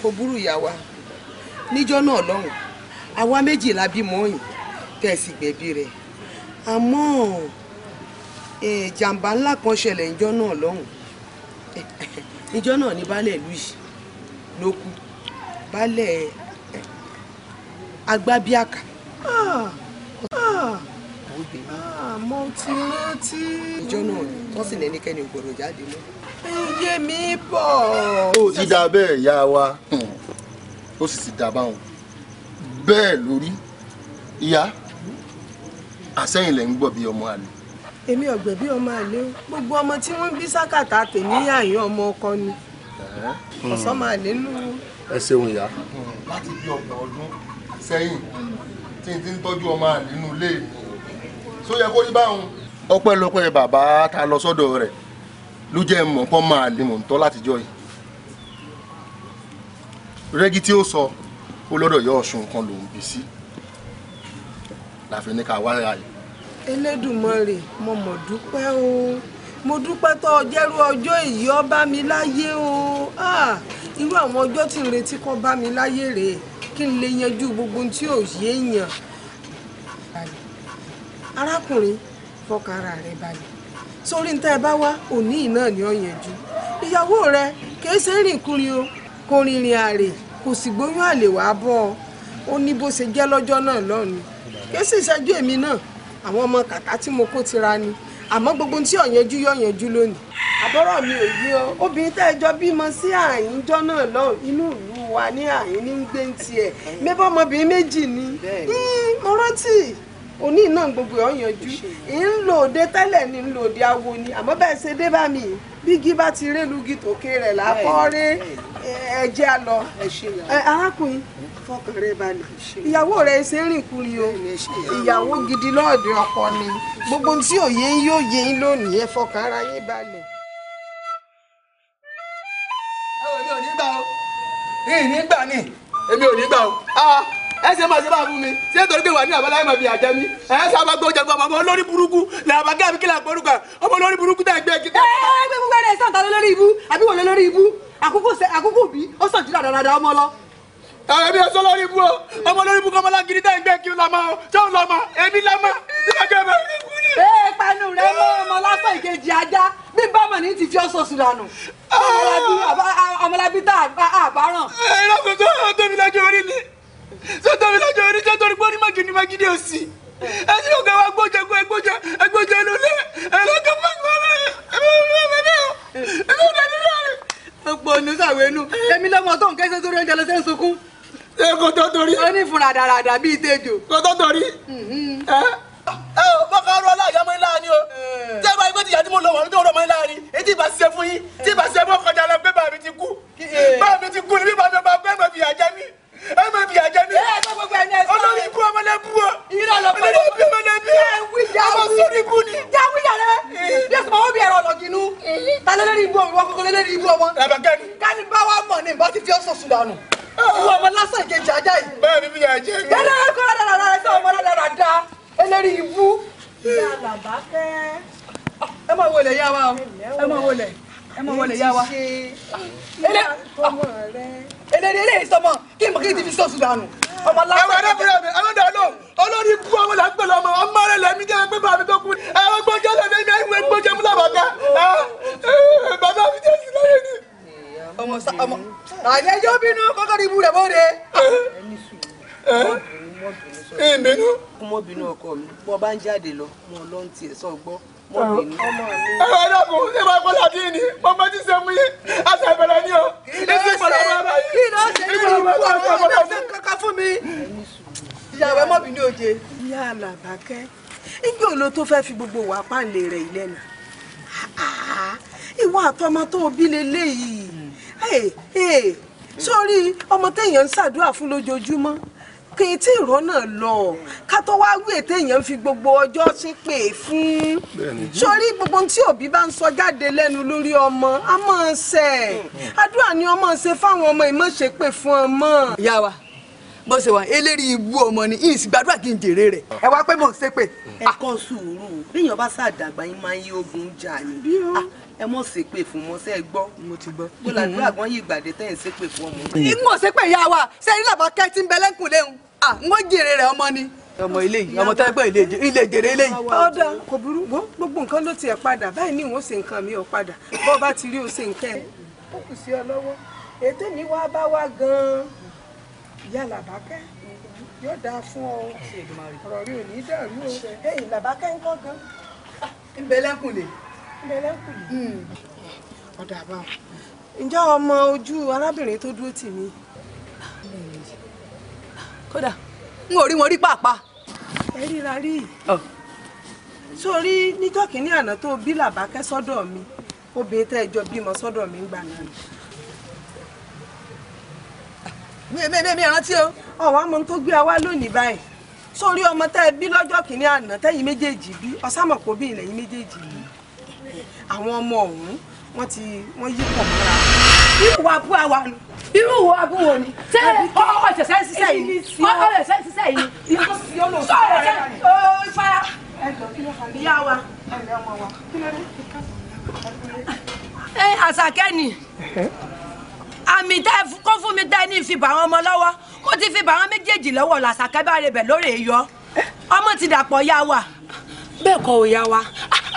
kò burú ìyá wa níjọ́ náà lọ́hùn àwa méjì la bímọ yìí tẹ̀sí gbẹ̀bí rẹ̀ àmọ́ ìjàmbá ńlá kan ṣẹlẹ̀ níjọ́ náà lọ́hùn [laughs] níjọ́ náà ní baálẹ̀ ìlú yìí ló kú baálẹ̀ agbábíàkà àmọ́ ah, ah, ah. tí rántí. ìjọ náà wọ́n sì lẹ́nikẹ́ni ò gbọ́dọ̀ jáde mọ́ iye mi bọ̀. ó ti dà bẹ́ẹ̀ yá wa hmm. ó sì ti dà báwọn bẹ́ẹ̀ lórí ìyá àsẹ́yìn lẹ̀ ń gbọ́ bí ọmọ àlè. èmi ọ̀gbẹ̀ bí ọmọ àlè o gbogbo ọmọ tí wọ́n ń bí sákàtà tèmi àyàn ọmọ ọkọ ni ọ̀sán máa lè ẹ ṣeun ìyá. Hmm. láti bí ọgbà ọdún sẹ́yìn tí n ti ń tọ́jú ọmọ àlè nínú ilé mi só kó rí báwọn. ọpẹ́lọpẹ́ bàbá ta lọ sọ́dọ̀ rẹ̀ ló jẹ́ mọ̀ pọ́n máa lè mọ̀ tọ́ látijọ́ yìí rẹ́gí tí ó sọ ó lọ́dọ̀ yọ ọ̀ṣun nǹkan lòún bí sí láfi ní ká wá ayọ̀. Elédùmarè mo mọ̀ dúpẹ́ o mo dúpẹ́ tó jẹ́rú ọjọ́ èyí ó bá mi láyé o irú àwọn ọjọ́ tí n retí kó bá mi láyé rèé kí n lè yanjú gbogbo ohun tí ò yé èèyàn arákùnrin fọkàrà rẹ balẹ̀ sórí ní tá ẹ bá wá òní yìí náà ni ó yanjú ìyàwó rẹ kìí ṣe rìn kúrin o kò rìnrìn àrè kò sì gbóyún àlè wàá bọ́ ọ ó ní bó ṣe jẹ́ lọ́jọ́ náà lọ́nu kìí sì ṣẹ́jú èmi náà àwọn ọmọ kàkà tí mo kó tira ni àmọ́ gbogbo tí ó yanjú yó yanjú lónìí. àbọ̀rọ̀ mi ò yí o obìnrin tẹ́ ẹ jọ bímọ sí àyínjọ́ náà lọ́hùn inú ìlú wa ní àyín ní gbé ń tiẹ̀ mẹ́bọ́ ọmọbìnrin méjì ni mo rántí òní náà gbogbo ẹ̀ ọ̀yanjú ì ń lò dé tẹ́lẹ̀ ni ń lò dé awo ni àmọ́ bẹ́ẹ̀ ṣe dé bá mi bígi bá ti rélugi tòkè rẹ̀ lápọ́ọ́rẹ́ ẹ̀jẹ̀ á lọ arákùnrin fọkàn rẹ balẹ̀ ìyàwó rẹ ṣe ń rìn kúrin o ìyàwó gidi lọ́ọ̀dẹ ọkọ ni gbogbo tí òye ń yóò yé yín lónìí ẹ fọkàn ara yín balẹ̀. èmi ò ní gbà o èmi ò ní gbà ni èmi ò ní gbà o. Ah! ẹ ṣe máa ṣe bá fún mi ṣé torí pé wà ní àbálá ẹ̀ máa fi àjẹ mi ẹ ṣe àbágbó jẹ gbọmọ ọmọ olórí burúkú là àbágá mi kí là gbórúkọ ọmọ olórí burúkú tẹ̀ gbé kíkà. ẹ ẹ gbé gbogbo ẹ̀ sọ̀tà lórí ibú àbí wọ́n lórí ibú àkókò bí ó sàn jùlọ dáadáa ọmọ lọ àwọn ẹbí ẹsọ lórí ibú o ọmọ lórí ibú kọmọ lágiri tẹ ń gbé kí n lọ mọ o tí ò lọ mọ ẹbí lọ mọ tí wọn kẹ bẹ rí kúrì. ee panu rẹ mọ ọmọ lásán ìkejì ajá bí bámọ ní ti fi ọsọ sùn dànù ah. ọmọlábí tá a bá ràn. ẹ lọ́kùnrin tó ń tóbi lọ́jọ́ orí mi sọ́tọ̀ mi lọ́jọ́ orí sọ́tọ̀ mi gbọ́dọ̀ mágídí mágídí òsì ẹni ló ga wa gbọ́jọ ẹgbọ́jọ ẹgbọ́jọ lulẹ̀ ẹlọ́gọ́ fọ́nkọ́rẹ́ ọ̀pọ̀ ọ̀nù sàwé nù èmi lọ́mọ tó ń kẹ́sẹ́ sórí oúnjẹ lọ́sẹ̀ ń sunkún. ṣé kò tó torí. ó ní ìfúnra dáradára bíi tejò. kò tó torí. Mm-hmm. ẹ ẹ bọ́kà ọ̀rọ̀ aláàjá mọ́ ilá ni o. Eh. tí ẹ bá yẹ kó ti yàtí mo lọ wọ̀ tó rọ̀ mọ́ ilá ni etí ìbá fún yín tí ìbá ń jáde lọ mo lọ ń tiẹ̀ sọ gbọ́ mo bì ní. ẹ̀rọ ìdàpọ̀ ṣé máa kọ́ láti ní mo máa ti ṣe mú yín àṣà ìbẹ̀rẹ̀ ni o. kí ló ṣe kí ló ṣe kí ló ṣe kankan fún mi. ìyàwó ẹ mọ̀ bí ní oje. ìyá Àlàbákẹ́ ìgbé òlo tó fẹ́ fi gbogbo wà páǹlé rẹ̀ ìlẹ́nu ìwọ àtọmọ tó bí leléyìí sórí ọmọ téèyàn ń ṣàdúrà fún lójoojúmọ́ kì í tí ìrọ́ náà lọ tó wá wí ètè èèyàn fi gbogbo ọjọ́ ṣépè fún sórí gbogbo tí òbí bá ń sọ jáde lẹ́nu lórí ọmọ a máa ṣe àdúrà ni ọmọ ṣe fáwọn ọmọ ìmọ̀ ṣépè fún ọmọ. ìyá wa bó ṣe wà eléri ibú ọmọ ni yìí sì gbàdúrà kí n jèrè rẹ. ẹ wá pé mò ń ṣépè. ẹ kọ́ sùúrù bíyàn bá ṣàdàgbà yín máa ń yí ogun jà ni ah, ẹ mọ̀ sí pé fún mọ́ sẹ́ gbọ́. mo ti gbọ́. bó la gbọ́ yìí gbàdé tẹ̀yìn sí pé fún ọmọ. ìmọ̀ sí pé ìyá wa ṣe ní làbọ̀ kẹ́ ń bẹ lẹ́kùnlé ń. wọ́n ah, jèrè rẹ̀ ọmọ ni ọmọ ilé yìí ọmọ tó ń pè ilé jèrè ilé yìí. ọ̀dà kò burú wo gbogbo nǹkan ló tiẹ̀ padà báyìí ní ìwọ̀n ṣe nǹkan mi ò padà bó o bá ti rí o ṣe nǹkan ẹ̀. ó kù sí ọ lọ́wọ́ ètò mi wá bá wá gan-an yálà bá yóò dáa fún ọ ọ̀rọ̀ ò ní dàrú o ẹ̀yìn làbákẹ́ ń kọ́ gan. ńbẹ̀lẹ́kùnlé. ńbẹ̀lẹ́kùnlé. Hmm. ọ̀dà bá wọn. ǹjẹ́ ọmọ ojú arábìnrin tó dúró tì mí. kódà n ò rí wọn rí pàápàá. ẹ ríra rí sórí níjọ́ kìíní àná tó bí làbákẹ́ sọ́dọ̀ mi obìnrin tẹ́ ẹ jọ bímọ sọ́dọ̀ mi ń gbà náà. mi mi mi mi rántí o ọwọ́ àmọ́ tó gbé wa lónìí báyìí sórí ọmọ tẹ́ ẹ bí lọ́jọ́ kìíní àná tẹ́yìn méjèèjì bí ọ̀sàmọ̀pọ̀ bí ilẹ̀ yìí méjèèjì bí àwọn ọmọ ọ̀hún wọ́n ti wọ́n yí pọ̀ mọ́ra irú wa bú àwa nù irú wa bú wo ni. ṣé ọkọ ìṣẹ̀ṣẹ̀ ń ṣiṣẹ́ yìí ni ọkọ ìṣẹ̀ṣẹ̀ ń ṣiṣẹ́ yìí ni. sọ̀rọ̀ ṣe ooo fara ìyá wa. ẹ àṣàkẹ́ ni àmì tẹ́ kó fún mi tẹ́ ní ìfibà àwọn ọmọ lọ́wọ́ mo ti fi bà àwọn méjèèjì lọ́wọ́ làṣàkẹ́ bá rẹ̀ bẹ̀ lórí èyọ́ ọmọ ti dàpọ̀ yá wa. bẹ́ẹ̀ kọ́ ò yá wa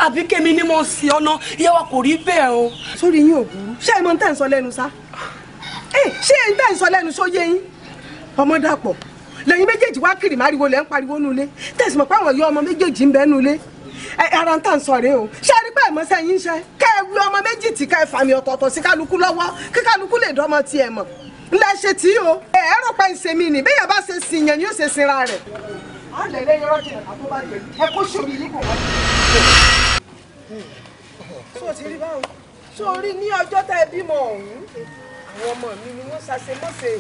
àbí kémi ni mo sì ọ̀nà yá wa kò rí bẹ́ẹ̀ o. sórí yín ò burú ṣé ẹ mọ ní tẹ̀ ń sọ lẹ́nu sá ṣé ẹ ń tẹ̀ ń sọ lẹ́nu sóyé yín ọmọ dàpọ̀ lẹ́yìn méjèèjì wá kiri máriwo lẹ́ ń pariwo nulẹ̀ tẹ̀sí mọ̀ pé àwọn ìyá ọmọ méjèèjì ń bẹ nulẹ̀ ara ń tà ń sọ rèé o ṣé ẹ rí pé ẹ̀mọ́ sẹ́yìn ń ṣe kẹ́ ẹ wí ọmọ méjì tí ká ẹ fàmì ọ̀tọ̀ọ̀tọ̀ sí kálukú lọ́wọ́ kí kálukú lè dọ́mọ tiẹ̀ mọ̀ ńlẹ̀ ṣe tí o ẹ ẹ rò pé ń ṣe mí ni bẹ́ẹ̀ yẹn bá ṣe sìn yẹn ni yóò ṣe sinra rẹ̀. ẹ sórí ní ọjọ́ tẹ́ ẹ bímọ ọ̀hún àwọn ọmọ mi ni wọ́n ṣàṣemọ́ṣe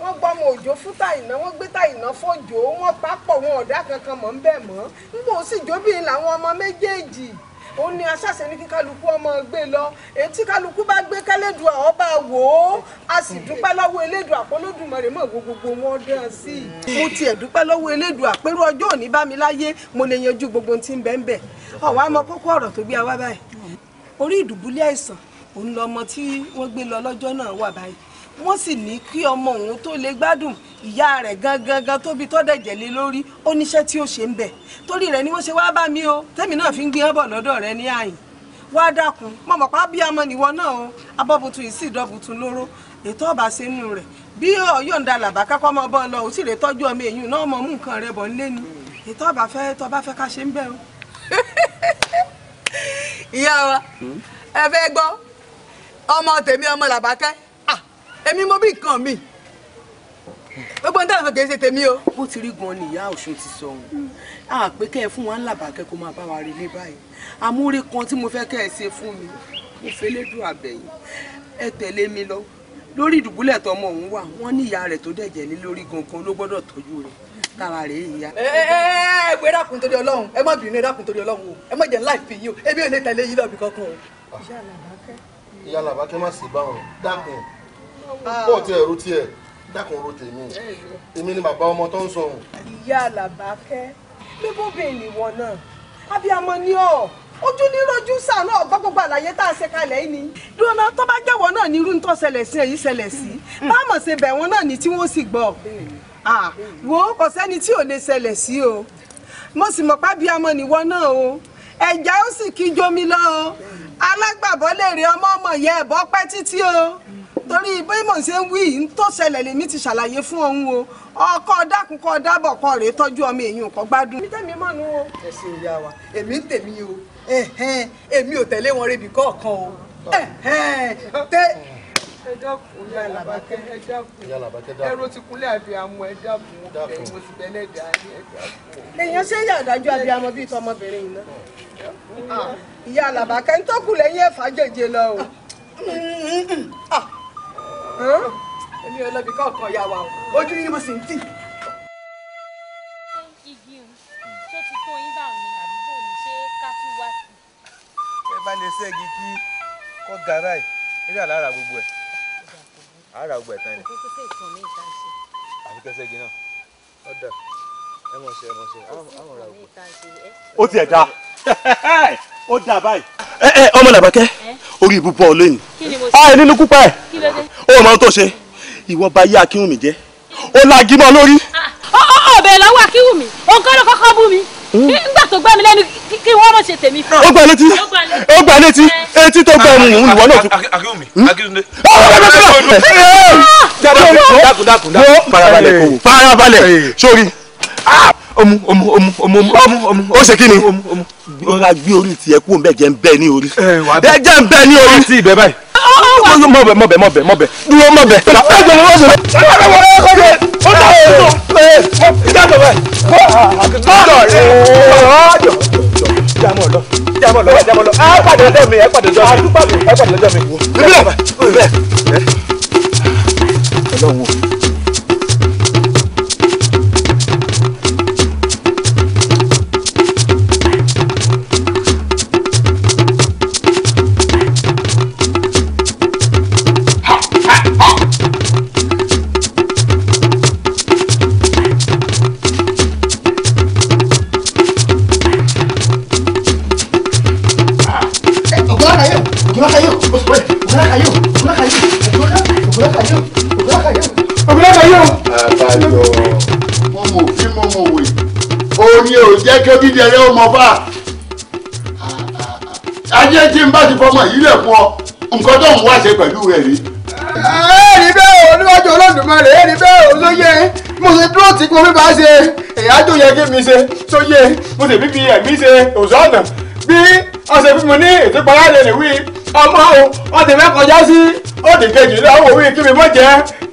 wọ́n gbọ́ ọmọ òjò fún tàyìnà wọ́n gbé tàyìnà fọ́jò wọ́n papọ̀ wọn ọ̀dà kankan mọ̀ ń bẹ̀ mọ́ nígbà ó sì jóbìnrin làwọn ọmọ méjèèjì ó ní aṣáṣe ní kí kálukú ọmọ gbé lọ èyí tí kálukú bá gbé kẹ́lẹ́dùà ọba wò ó a sì dúpẹ́ lọ́wọ́ elédùà àpọ́lódùmarè mọ̀ gbogbo wọn dán sí i. mo tiẹ̀ dúpẹ́ lọ́wọ́ elédùà àpérò ọjọ́ òní bá mi láyé mo lè yanjú gbogbo ohun tí ń bẹ́ẹ̀ bẹ́ẹ̀ ọ̀wá mọ kókó ọ̀rọ̀ tó gbé wa báyìí orí ìdùbúlẹ̀ àìsàn òun lọmọ tí wọ́n gbé lọ lọ́jọ́ náà wà báyìí wọ́n sì ní kí ọmọ òun tó lè gbádùn ìyá rẹ̀ gangan gan tóbi tọ́dẹ̀jẹ̀ lé lórí ó níṣẹ́ tí ó ṣe ń bẹ̀ torí rẹ̀ ni wọ́n ṣe wá bá mi o tẹ́mi náà fi ń gbìyànjú bọ̀ lọ́dọ̀ rẹ ní àyìn wá dákun mọ̀mọ́ pa bí amọ̀ nìwọ náà o abọ́butun yìí sì dọ́butun lóró ètò ọba ṣe nù rẹ̀ bí ọ̀yọ̀ǹda làbá kákọ́ ọmọ bọ́ lọ òsì rè tọ́jú ọmọ èyí náà mọ̀ mú nǹkan rẹ̀ bọ̀ ńlé ni ètò ọba fẹ́ tọba fẹ́ ká ṣe ń bẹ̀ o. [laughs] ìyá wa ẹ fẹ́ gbọ́ ọmọ tèmi ọmọ làbákẹ́ ah, èmi mo bí nǹkan mi gbogbo ń dáhùn kìí ṣe tèmi o. bó ti rí gan ni ìyá ọ̀ṣun ti sọ òun á pé kẹ́ ẹ fún wa ńlá bàkẹ́ kó máa bá wa rí ní báyìí àmúrí kan tí mo fẹ́ kẹ́ ẹ ṣe fún mi mo fẹ́ lédùn àbẹ̀yìn ẹ tẹ̀lé mi lọ lórí ìdùbúlẹ̀ tọmọ òun wà wọ́n ní ìyá rẹ̀ tó dẹ̀jẹ̀ ní lórí gangan ló gbọ́dọ̀ tọ́jú rẹ̀ kára rè é ya. ẹ ẹ ẹ wo ẹdàkùn torí Ọlọ́run ẹ má bínú ẹdàkùn torí Ọlọ́run o ẹ má jẹ ńlá ìfì yìí o ebi ò lè tẹ̀lé yìí lọ́bì kankan o. ìyá làbákẹ́ má sì bá wọn dákun bọ́ọ̀ tiẹ̀ ro tiẹ̀ dákun ro tèmi èmi ni bàbá ọmọ tó ń sọ ìyá làbákẹ́ bíbó bèèlì wọn náà abiyamọ ni ọ ojú ní rojú sànú ọgbọ́n gbogbo àlàyé tá a ṣe kalẹ̀ yìí ni. dúró tó bá jẹ́wọ́ náà ní irú ń tọ́ ṣẹlẹ̀ sí èyí ṣẹlẹ̀ sí mm. báwọn ṣe bẹ̀ wọ́n náà ní tí wọ́n sì gbọ́. Ah. Ah. wo kò sẹ́ni tí ò lè ṣẹlẹ̀ sí o mo sì mọ̀ pábí ọmọ nìwọ náà o ẹ̀já ó sì kí jomi lọ o alágbàbọ́ lè rí ọmọ ọmọ yẹ ẹ̀bọ́ pẹ́ títí o torí bí mò ń ṣe ń wí ń tó ṣẹlẹ̀ lèmi ti ṣàlàyé fún ọ̀hún o ọkọ dákun kọ dábọ̀ kọ rèé tọ́jú ọmọ èèyàn kọ gbádùn. èmi tẹ̀mí mọ̀ nù o. ẹ ṣe ìyá wa èmi ń tèmi o èmi ò tẹ̀lé wọn rebi kọ̀ọ̀kan o ẹ dákun ìyá làbákẹ́ ẹ dákun ẹrọ ti kúnlẹ̀ abiyamọ ẹ dákun ẹ̀yin mo ti bẹ́lẹ̀ dá ní ẹ dákun. èèyàn ṣe yà dájú abiyamọ bíi tọmọbìnrin yìí náà ìyá làbákẹ́ ń tọ́kù lẹ́yìn ẹ̀fà jèjè lọ o. èmi ò lọ́bi kọ̀ọ̀kan yà wá o ojú yìí mo sì ń tì. igi tó ti tó yín báwọn ni àdúgbò ní ṣé ká tún wá sí. ẹ bá lè ṣẹ́gi kí kọ́ gàrá ẹ̀ nígbà lára gbogbo ẹ̀ ara ọgbà ẹ̀tàn ni. òkú sí nǹkan mi ìta ṣe. àfi kẹsẹ́gi náà ọ̀dà ẹ mọ̀ ṣe ẹ mọ̀ ṣe àwọn ọ̀rọ̀ òkú. ó tiẹ̀ da ó da báyìí. ẹ ẹ ọmọ làbákẹ́ orí ibùbọ̀ olóyìn ayé nínú kúpẹ́ ó mọ ohun tó ṣe ìwọ bá yé akínwùmí jẹ́ ó lagimọ́ lórí. Ah, ah, ah, ọbẹ̀ lọ́wọ́ akínwùmí òǹkọ́ ló kọ́kọ́ bú mi nígbà tó gbá mi lẹ́nu kí wọ́n mọ̀ ṣe tèmi fún. ó gbà létí ó gbà létí etí tó gbà mí ìwọ náà tún. akérèmí akérèmí. dákun dákun dákun farabalẹ̀ kò wò. farabalẹ̀ sórí omu omu omu omu omu omu o ṣe kini ọra gbé orí tiẹ̀ kó n bẹ jẹ n bẹ ní orí ẹ jẹ n bẹ ní orí ti ibẹ báyìí mọbẹ mọbẹ mọbẹ mọbẹ dúró mọbẹ ọ̀dà èlò jáde wẹ̀ bọ́ọ̀lù rẹ̀ ọ̀dọ̀ jámọ̀ lọ jámọ̀ lọ jámọ̀ lọ ẹ pàdé ọjọ́ mi ẹ pàdé ọjọ́ mi ẹ pàdé ọjọ́ mi. ìbílẹ̀ ìbílẹ̀ ọlọ́run. ọ̀nà àbáyọ. mo mọ̀ òfin mo mọ̀ òwe orin ò jẹ́ kébí di ẹyẹ ọmọ bá ajé tí n bá ti fọmọ yìí lè fọ nǹkan tó ń wá ṣe pẹ̀lú rẹ̀ rí. ẹ̀ẹ́dì bẹ́ẹ̀ oníwájú Olódùmarè ẹ̀ẹ́dì bẹ́ẹ̀ olóyè mo ṣe dúró tí mo fi bá ṣe ìyájọ́ yẹ kí mi ṣe sóyè mo sì fífi ẹ̀mí ṣe òṣùọ̀nà bí ọ̀sẹ̀ fún mi ní ìtúpalá lè wí ọmọ o ọ̀dẹ̀ mẹ́kọjá sí òdì náà wò wí kí mi mọ̀ jẹ́ èèyàn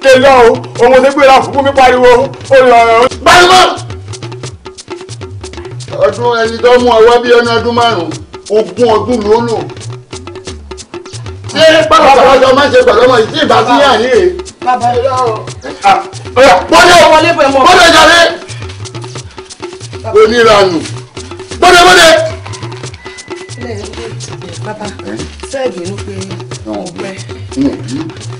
o òun ti gbéra fún mi pariwo ó lọ ọ̀rọ̀. gbàgbọ́ ọdún ẹni tó mú ọwọ́ bíi ọdún ọdún márùn-ún ogún ọdún ló lò ṣé pàápàá ọjọ́ máa ń ṣe pẹ̀lú ọmọ yìí tí ìbá sí yàn ní rè. bàbá ẹ lọ́rọ̀. bọ́dọ̀ bọ́dọ̀ jàre oníranù bọ́dọ̀ bọ́dọ̀. bàbá sẹ́ẹ̀dì ló pe ọ̀pẹ.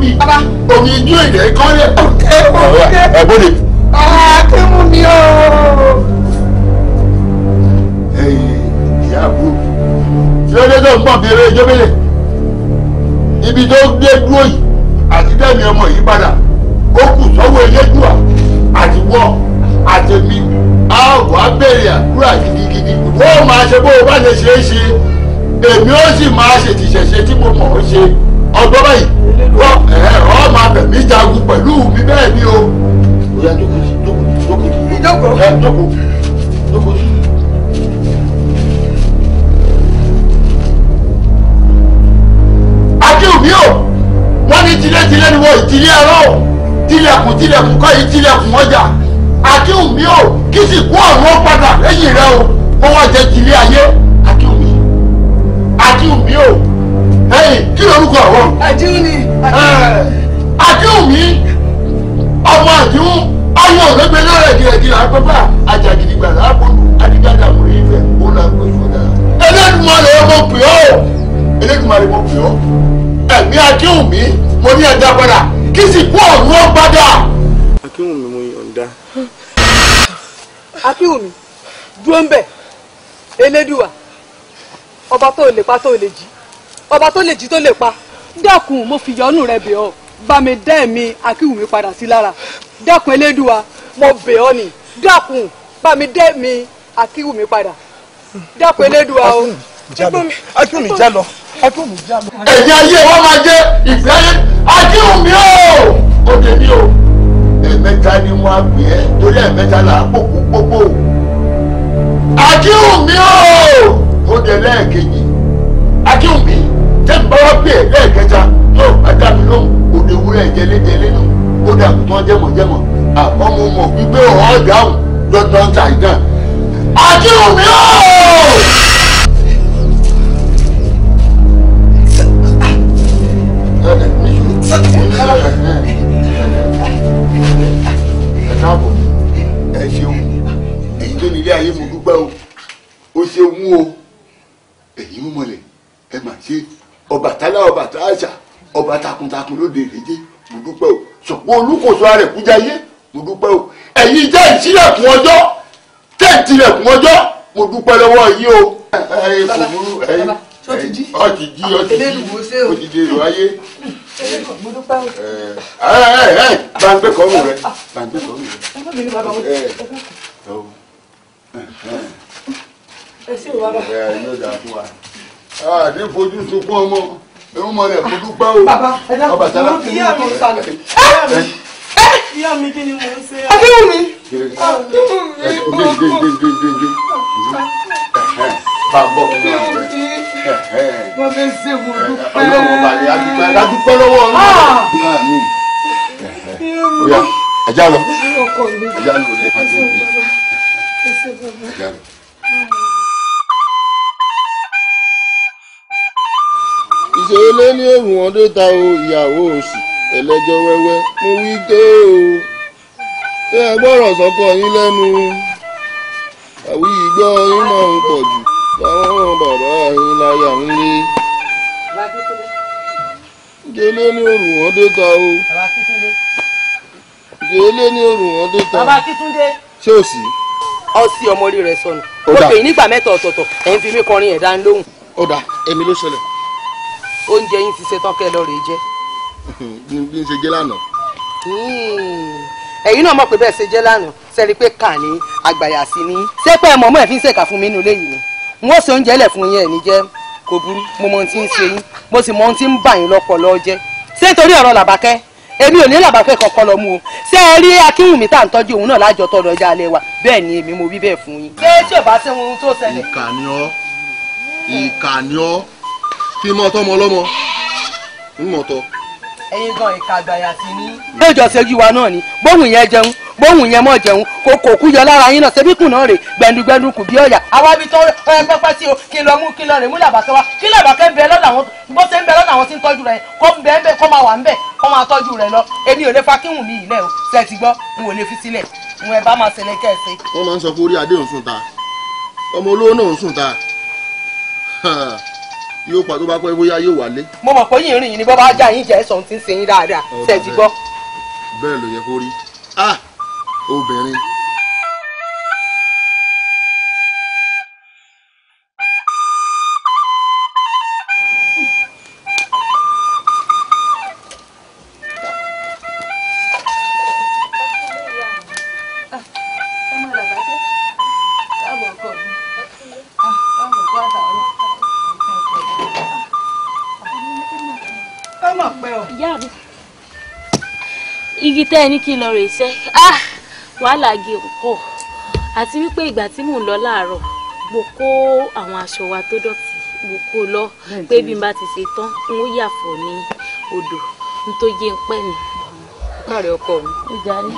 mi omi ijó èdè kan lè. ẹ bóde. akéwù ni o. ìyá àbúrò tí ó dé tó ń pọ̀ bí eré ijó mélòó ibi tó gbé dúró yìí àti dẹ́mi ọmọ yìí padà ó kù sọ́wọ́ elédùà àti wọ́ àtẹ̀mí a wàá bẹ̀rẹ̀ àdúrà gidigidi ó máa ṣe bó o bá ṣe ṣe é ṣe èmi ó sì máa ṣètìṣẹ̀ṣe tí mo mọ̀ ọ́ ṣe ọgbọ́n báyìí wọ́n ẹ̀ ọ́ máa bẹ̀ mí jagun pẹ̀lú mi bẹ́ẹ̀ ni o. bóyá jókòó jókòó jókòó jókòó jókòó. akíwùmí o wọ́n ní tilétilé ni wọ́n ìtìlé ẹ̀rọ tilẹ̀kùn tilẹ̀kùn kọ́ yìí tilẹ̀kùn ọjà akíwùmí o kí sì kú ọ̀run padà lẹ́yìn rẹ o kó wọ́n jẹ́ tilé ayé akíwùmí akíwùmí o. ẹ̀yìn kí lorúkọ àwọn. àdìhùn ni. àdìhùn mi ọmọ àdìhùn ayọ̀ òrẹ́gbẹ́ lára ẹ̀dìrẹ̀dì àpẹ́pà àjàgìdìgbà láàbòlù adigbada àmúrí ìfẹ́ òun là ń pè fún dára. Elédùmarè mo pè ọ́ Elédùmarè mo pè ọ́ ẹ̀mí àdìhùn mi mo ní ẹ̀dá padà kí sì kú ọ̀run ó mi mo yọ̀ǹda. mi dúró ń bẹ̀ ọba tó lè pa tó lè jí ọba tó lè jí tó lè pa dákun mo fi yọnu rẹ bẹ̀ ọ́ bá mi dá ẹ̀mí akíwùmí padà sí lára dákun elédùà mo bẹ̀ ọ́ ni dákun bá mi dá ẹ̀mí akíwùmí padà dákun elédùà o. akíwùmí já lọ akíwùmí já lọ. ẹ̀yin ayé wa máa jẹ́ ìgbẹ́ akíwùmí o ó dé ní o ẹ̀mẹ́ta ni wọ́n á gbé ẹ̀ torí ẹ̀mẹ́ta là á pòkú pópó akíwùmí o ó dé lẹ́ẹ̀kejì akíwùmí tẹ́ ń bá wá pè é mi lóhùn òde wúrẹ́ jẹlẹ́jẹlé nù ó dà kú tán jẹ́mọ̀jẹ́mọ̀ àmọ́ mo mọ̀ wípé ọ̀hún ọ̀dáhùn lọ́dún ọ̀tá àti omi ó ṣeun o ọbàtálá ọbàtá àṣà ọba takuntakun lóde ìrèjé mo dúpẹ́ o ṣọ̀pọ̀ olúkòso ààrẹ kújáyé mo dúpẹ́ o ẹ̀yin jẹ́ ìṣílẹ̀kùn ọjọ́ tẹ́ǹtì lẹ̀kùn ọjọ́ mo dúpẹ́ lọ́wọ́ yín o. ẹyin kò burú ẹyin ọtí jí ọtí jí ọtí jí èrò ayé. ẹ ẹ ẹ gbàgbé kọ́ọ̀mù rẹ gbàgbé kọ́ọ̀mù rẹ. ẹ ṣe ìwà bá. ẹ ẹ ní ọjà fún wa àdé fojú sunkún ọmọ ẹ̀wọ̀n mọ̀ rẹ̀ kó dúpẹ́ o. bàbá ẹ dákun ọmọ kì í yá mi sàlẹ̀ ìyá mi kí ni mò ń ṣe. adéwùmí. bàbá mi wọ́n fẹ́ ṣe mo dúpẹ́. ọlọ́wọ́ balẹ̀ adúpẹ́ adúpẹ́ lọ́wọ́ ọlọ́wọ́. Ah! ajá lọ ajá lọ. ṣe lé ní òrùn ọdún o ìyàwó òsì ẹlẹ́jọ́ wẹ́wẹ́ mo wí tó o ṣé ẹ gbọ́rọ̀ sọ́kọ yín lẹ́nu àwí ìgbọ́ yín máa ń pọ̀ jù táwọn bàbá yín láyà ń lé. Jẹ́lé ní òrùn ọdún ta o. Jẹ́lé ní òrùn ọdún ta. Ṣé o sì? Ọsì ọmọ orí rẹ̀ sọnù. Ó dà. Ó pè é nígbà mẹ́ta ọ̀tọ̀ọ̀tọ̀ ẹ̀ ń fi mí kọrin ẹ̀dá ń lóhùn. Ó èmi ló ṣẹlẹ̀ oúnjẹ yín ti ṣe tán lọ rèé jẹ. [laughs] bí n ṣe jẹ́ lánàá. Hmm. ẹ̀yin náà mọ̀ pé bẹ́ẹ̀ ṣe jẹ́ lánàá sẹ́ni pé kà ní àgbàyà sí ni sẹ́pẹ́ mọ̀ mọ́ ẹ̀ fi ń ṣèkà fún mi nínú léyìí ni wọ́n ṣe oúnjẹ lẹ̀ fún yín ẹ̀ ní jẹ́ kò burú mo mọ ohun ń ṣe yín mo sì mọ ohun ń bà yín lọ́pọlọ jẹ́ ṣé nítorí ọ̀rọ̀ làbákẹ́ èmi ò ní làbákẹ́ kankan lọ mú o ṣé ẹ rí akínwùmí tá à ń tọ́jú òun náà lájọ tọrọ ọjà alẹ́ wa bẹ́ẹ̀ ni èmi mo wí bẹ́ẹ̀ fún yín. ṣé tí ò bá ṣe ohun tó ṣẹlẹ̀. ìkà ni ọ́ ìkà kí n mọ tọmọ ọlọmọ ń mọ tọ. ẹyin gan ìka àgbàyà ti ní. ilé ìjọsìn ojú wa náà ni bóun yẹn jẹun bóun yẹn mọ̀ jẹun kò kò kú yọ lára yín náà sẹ́bíkùn náà rè gbẹ̀ndùgbẹ̀ndù kù bí ọ̀yà. àwa ibi tó ẹ pẹ́pẹ́ sí o kí n lọ mú kí n lọ rè mú làbàkẹ́ wá kí làbàkẹ́ ń bẹ lọ́nà àwọn bó ṣe ń bẹ lọ́nà àwọn tí ń tọ́jú rẹ̀ kó ń bẹ ń bẹ kó máa wà ń bẹ kó máa tọ́jú rẹ̀ lọ èmi ò lè fa kíhùn mi ìlẹ̀ o ṣe ti gbọ́ n ò lè fi sílẹ̀ n ò bá máa ṣẹlẹ̀ kẹ́ẹ̀sì. wọ́n máa ń sọ pé orí adé sùn ta ọmọ olówó náà ń sùn ta yóò pa tó bá pẹ́ bóyá yóò wálé. mo mọ̀ pé yìí rìn yìí ni bọ́ bá yín jẹ́ sọ̀n tí ń ṣe yín dáadáa ṣe é ti gbọ́. bẹ́ẹ̀ ló yẹ kó rí ah obìnrin tẹ́ ẹ ní kí n lọ rè iṣẹ́ ah, wàhálà gi pọ̀ àti wípé ìgbà tí mò ń lọ láàárọ̀ mo kó àwọn aṣọ wa tó dọ̀tí mo kó lọ pé bí n bá ti ṣe tán n ó yàfọ̀ ní odò n tó yé n pẹ́ ni. káàrẹ̀ ọkọ mi. ó jarí.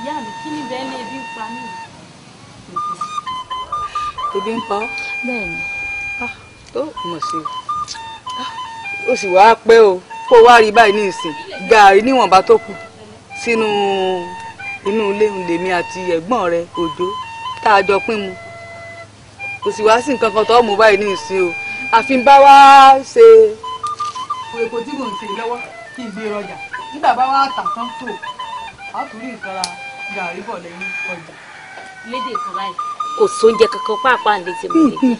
ìyá mi kí ni bẹ́ẹ̀ ni ebi ń pa mí. ebi ń pa ọ́. bẹ́ẹ̀ni. tó ah, mọ̀ sí i ah, ó sì wáá pẹ́ o kó o wá rí báyìí ní ìsìn gààrí níwọ̀nba tó kù. sínú inú ilé lèmi àti ẹ̀gbọ́n rẹ òjò tá a jọ pín mu kò sì wá sí nǹkan kan tó mú báyìí ní o àfi bá wá ṣe. èkó tí mò ń ṣe lọ́wọ́ kí n gbé e ọjà nígbà bá wá tà tán tó a tún rí gàrí bọ̀ lẹ́yìn ọjà. kankan pàápàá ti mọ̀lẹ́. Hmm, hmm,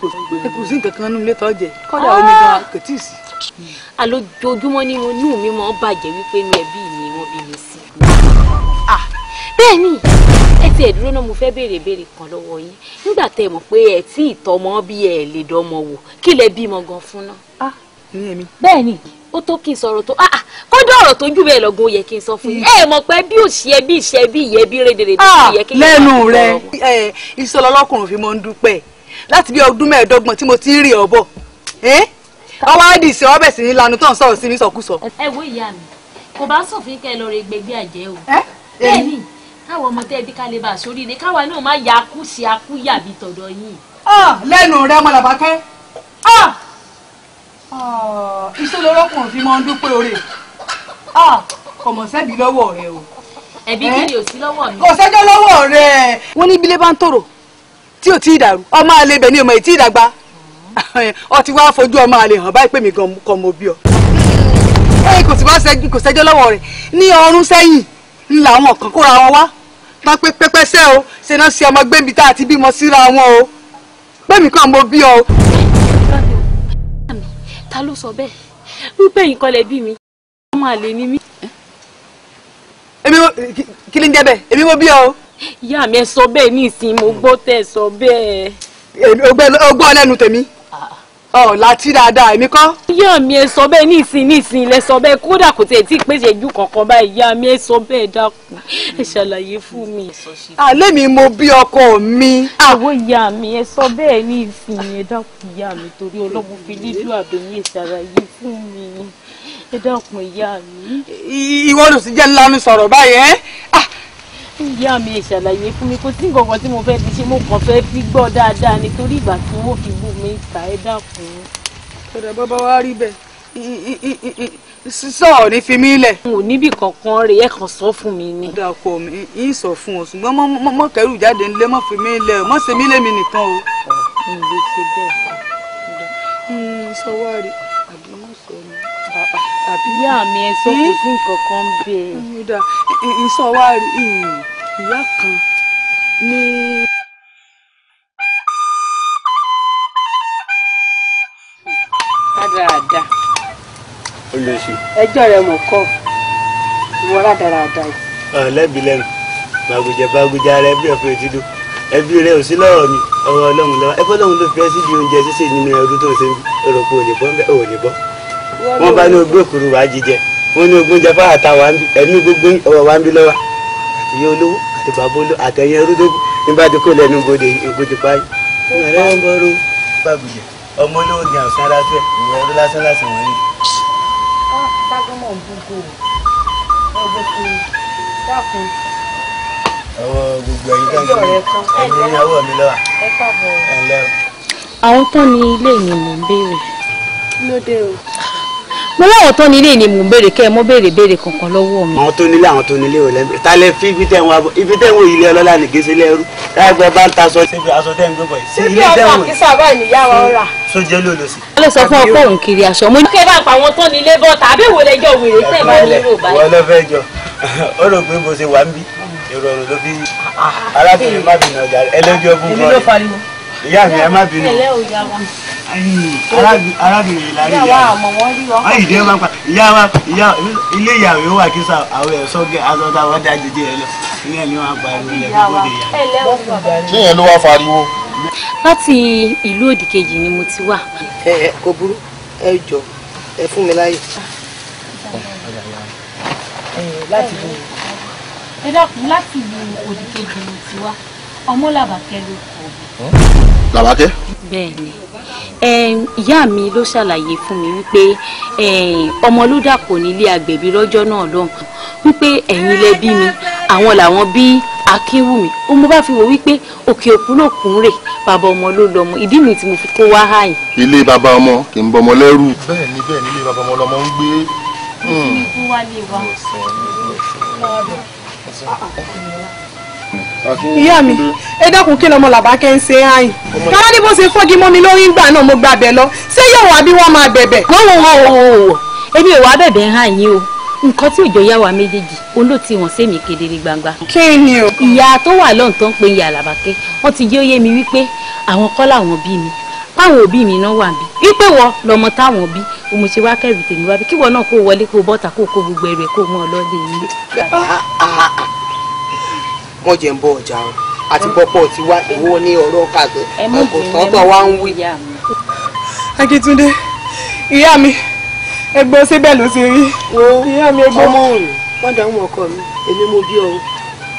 kò sí nǹkan kan nínú ilé tó kọ́dà omi ah! gan kò tí ì sí. ni wípé inú ẹbí mi wọ́n bí mi. bẹ́ẹ̀ ni ẹ ti ẹ̀dúró náà mo fẹ́ béèrè béèrè kan lọ́wọ́ yín nígbà tẹ́ ẹ mọ̀ pé ẹ tí ìtọ́mọ bí ẹ lè dọ́mọ wò kí lẹ bímọ gan fún náà. ah ìyẹn mi. bẹ́ẹ̀ ni ó tó kí n sọ̀rọ̀ tó ah, ah kódà ọ̀rọ̀ tó jù bẹ́ẹ̀ lọ́gùn ó yẹ kí n sọ fún yín. Mm. ẹ mọ̀ pé bí òṣìṣẹ́ bí ìṣẹ́ bí ìyẹ́ bí rédèrèdè ó yẹ kí n sọ ah, fún yín. lẹ́nu rẹ iṣẹ́ ọlọ́kùnrin fi mọ́ ń dúpẹ́ láti bí ọdún mẹ́ẹ̀ẹ́dọ́gbọ̀n tí mo ti ń rí ọ bọ̀ ọwọ́ àdì ìṣe ọbẹ̀ sí ní lanu tó ń sí mi sọkúsọ. ẹ wo ìyá mi kò bá sọ fún kẹ lọ rẹ gbẹgbẹ àjẹ o bẹ́ẹ̀ ni káwọn ọmọ tẹ́ ẹ bí ká lè bá a sórí ilé káwa náà má ya akú sí akú yàbí tọ̀dọ̀ yìí. lẹ́nu rẹ Mọ́làbákẹ́ iṣẹ́ lọ́rọ́kùnrin fi máa ń dúpẹ́ oore kò mọ̀ sẹ́bi lọ́wọ́ rẹ o. ẹ̀bi kí ni ò sí lọ́wọ́ mi. kò sẹ́jọ́ lọ́wọ́ rẹ. wọ́n ní bílé bá ń tòrò tí ò tí ì dàrú ọmọ àlè bẹ̀ ni ọmọ ètí ìdàgbà ọ ti wá fojú ọmọ àlè hàn báyìí pé mi gan kọ́ mo bí ọ. kò sẹ́jọ́ lọ́wọ́ rẹ ní ọrùn sẹ́yìn ń la àwọn kan kóra wọn wá má pé pẹpẹsẹ o ṣe náà ṣe ọmọ gbẹmí tá a ti bímọ síra wọn o gbẹmí kan mo bí ọ. ta ló sọ bẹ́ẹ̀ wípé yìí kọ́lẹ̀ bí mi ká máa lè ní mí. èmi mo kí ni ń jẹ́ bẹ́ẹ̀ èmi mo bí ọ o. ìyá mi ẹ sọ bẹ́ẹ̀ ní ìsìn mo gbọ́ tẹ̀ sọ bẹ́ẹ̀. ọgbọ́n lẹ́nu tèmi ọ láti dáadáa èmi kọ́. ìyá mi ẹ sọ bẹ́ẹ̀ nísìn nísìn ilẹ̀ sọ bẹ́ẹ̀ kódà kò tiẹ̀ tí ì pèsè ìjú kankan báyìí ìyá mi ẹ sọ bẹ́ẹ̀ dákun ẹ ṣàlàyé fún mi. àlẹ́ mi mo bí ọkọ mi. àwọ̀ ìyá mi ẹ sọ bẹ́ẹ̀ nísìn ẹ dákun ìyá mi torí ọlọ́mọ fi lílù àbẹ̀yìn ṣàlàyé fún mi ẹ dákun ìyá mi. ìwọ ló sì jẹ́ ńlá mi sọ̀rọ̀ báyẹn tí ìyá mi ṣàlàyé fún mi kò sí nǹkan kan tí mo fẹ́ fi ṣe mo kàn fẹ́ fi gbọ́ dáadáa nítorí ìgbà tí owó fi bù mí ta ẹ dákun. ọ̀dà bàbá wa rí bẹ́ẹ̀ sísọ ò ní fi mí lẹ̀. n ò níbì kankan rè é kan sọ fún mi ni. ọ̀dà ọkọ mi ń sọ fún ọ ṣùgbọ́n mọ kẹrù jáde nílé mọ fi mí lẹ̀ mọ ṣe mí lèmi nìkan o. n lè ṣe bẹ́ẹ̀ sọ wá rí àbí mọ̀ sọ mi àbí. ìyá mi ẹ sọ kò sí nǹkan kan bẹ́ẹ̀. ìsọ wa ìyá kan ní. rádaràda. ẹjọ́ rẹ mọ̀ kọ́ ìwọ rádaràda yìí. ọ̀lẹ́bi lẹ́nu bàgùjà bàgùjà rẹ bí ọ̀fẹ́ ti dùn ẹbí rẹ ò sí lọ́rọ̀ mi ọ̀rọ̀ ọlọ́run lọ́wọ́ ẹgbẹ́ ọlọ́run ló fi ẹ́ síbi oúnjẹ ṣíṣe nínú ẹrú tó ṣe ń rò pé ò lè bọ́ ò lè bọ́ wọ́n bá ní ogún òkúrú wàá jíjẹ wọ́n ní ogún jẹfọ́ àtà wà ń bí ẹ̀mí gbogbo ọ̀wọ̀ wà ń bí lọ́wọ́ àti yẹ olówó àti bàbá olówó àtẹ̀yẹ rúdógún nígbà tí kò lẹ́nu gbòde ìgbòde páyì. ọ̀rẹ́ ń bọ́rọ̀ bàbùjẹ́ ọmọ olówó ni àwòsàn ara fẹ́ ìwọ ọdún lásán lásán wọ̀nyí. ọwọ́ gbogbo ẹ̀yin tó ń gbé ẹ̀yin ìyàwó mi lọ́wọ́ ẹ̀ lẹ́wọ̀. àwọn tán ní ilé mi mò ń béèrè. lóde o mo láwọn tó nílé ni mò ń béèrè kẹ́ ẹ mọ́ béèrè béèrè kankan lọ́wọ́ mi. àwọn tó nílé àwọn tó nílé ò lẹ́nu ta lẹ fi ibi tẹ̀ wọ́n abọ́ ibi tẹ̀ wọ́n ilé ọlọ́lá ní gèsè lẹ́rú láàgbẹ́ bá ń ta aṣọ síbi aṣọ tẹ̀ ń gbé bọ̀ yìí. síbi ọkọ àkísà báyìí nìyá wa ó rà. sójú ló lọ sí. wọ́n lọ sọ fún ọkọ òun kiri aṣọ. mo ní kẹ́ bá pa àwọn tó nílé bọ́ tàbí wo lẹjọ́ wèrè tẹ̀ bá nílò báyìí. wọ́n lọ fẹ́ jọ [laughs] ó rò pé bó ṣe wà ń bí ìrọ̀rùn ló fi arábìnrin má bínú ọjà ẹlẹ́jọ́ bú arábìnrin lárí ìyá wa ìdè máa ń pa ìyá wa ìyá ilé ìyàwó wà kí sà àwọn ẹ̀sọ́ gẹ azọ́ta wọn dá jẹjẹ ẹ lọ ilé ẹ̀ ní wọn pa ẹ̀rọ ilẹ̀ gbogbo de ìyá. ṣé yẹn ló wá fariwo. láti ìlú òdìkejì ni mo ti wà. ẹ ẹ kò burú ẹ jọ ẹ fún mi láyè. láti ìlú ẹ dákun láti ìlú òdìkejì ni mo ti wá ọmọ làbàkẹ́ ló kọ. làbàkẹ́. bẹ́ẹ̀ ni ìyá mi ló ṣàlàyé fún mi wípé ọmọ ló dàpọ̀ nílé agbẹ̀bí lọ́jọ́ náà lọ́hùn wípé ẹ̀yin lẹ bí mi àwọn làwọn bí akínwùmí ó mo bá fi wò wípé òkè òkun ló kún rè bàbá ọmọ ló lọmọ ìdí mi tí mo fi kó wá hàyìn. ilé bàbá ọmọ kì í bọmọ lẹ́rù. bẹ́ẹ̀ ni ilé bàbá ọmọ lọmọ ń gbé. kí ni wá lè wá ìyá mi ẹ dákun kí lọmọ làbákẹ́ ń ṣe àyìn káwá ní bó ṣe fọ́gi mọ́ mi lórí ńgbà náà mo gba bẹ̀ lọ ṣé yóò wá bí wọ́n máa bẹ̀bẹ̀. wọ́wọ́wọ́wọ́ èmi ò wá bẹ̀bẹ̀ hàn yín o nǹkan tí òjò yá wa méjèèjì òun ló ti wọ̀n sẹ́mi kedere gbangba. kí ni o. ìyá tó wà lọ́n tó ń pe ìyá làbákẹ́ wọ́n ti jẹ́ òye mi wípé àwọn kọ́ làwọn bí mi páwọn òbí mi náà wà mí wípé wọ lọmọ táwọn bí òmùsíwákẹ́rù tèmi wá bí kíwọ náà kó wọlé kó bọ́ta kó kó gbogbo ẹrù kó mọ́ ọ lọ́dẹ yìí wọ́n jẹ́ ń bọ́ ọjà wọn àti pọ́pọ́ ti wá ìwọ ní ọ̀rọ̀ kàgbẹ́ àkòtọ́tọ̀ wá ń wí. Akíntúndé ìyá mi ẹgbẹ́ síbẹ̀ ló ti rí. ìyá mi ẹgbẹ́ ọmọ òòrùn wọ́n dáhùn ọkọ mi èmi mo bí ọrùn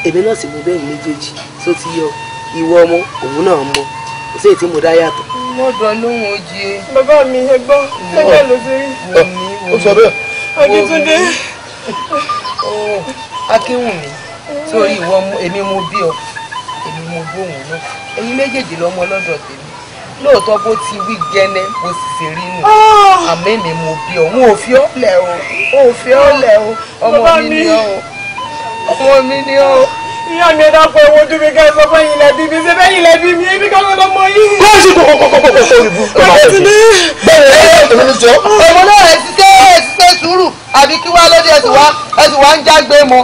èmi náà sì mo bẹ́ẹ̀ méjèèjì tó ti yọ ìwọ ọmọ òun náà mọ kò sí èyí mo dá yàtọ̀. mo dọ̀ lóhùn ojì. bàbá mi ẹgbọ́n ẹgbẹ́ ló ti rí. ó sọ bẹ́ẹ̀. Akíntúndé. Akínwùmí sórí ìwọ èmi mo bí ọ èmi mo bóun náà ẹ̀yin méjèèjì lọmọ lọ́dọ̀ tèmi lóòótọ́ bó ti wí gẹ́nẹ́ bó sì ṣe rí nù àmọ́ èmi mo bí ọ n ò fi ọ́ lẹ̀ o ò fi ọ́ lẹ̀ o ọmọ mi ni ọ́ ọmọ mi ni ọ́ ìyá mi ẹ̀dá fún ẹ̀wọ̀n ojú mi ká ẹ sọ fún mi ṣe fẹ́ ẹ̀yin mi ẹ̀mí kan lọ́dọ̀ mọ yìí. kó o ṣe kókókókókó sórí ibú. bẹ́ẹ̀ ti ní. bẹ́ẹ̀ ni ẹ̀yọ́ tèmi ní ọmọ náà ẹ ti ṣe é ṣe sùúrù àbí kí wàá lóde ẹ sì wá ń jágbe mọ́.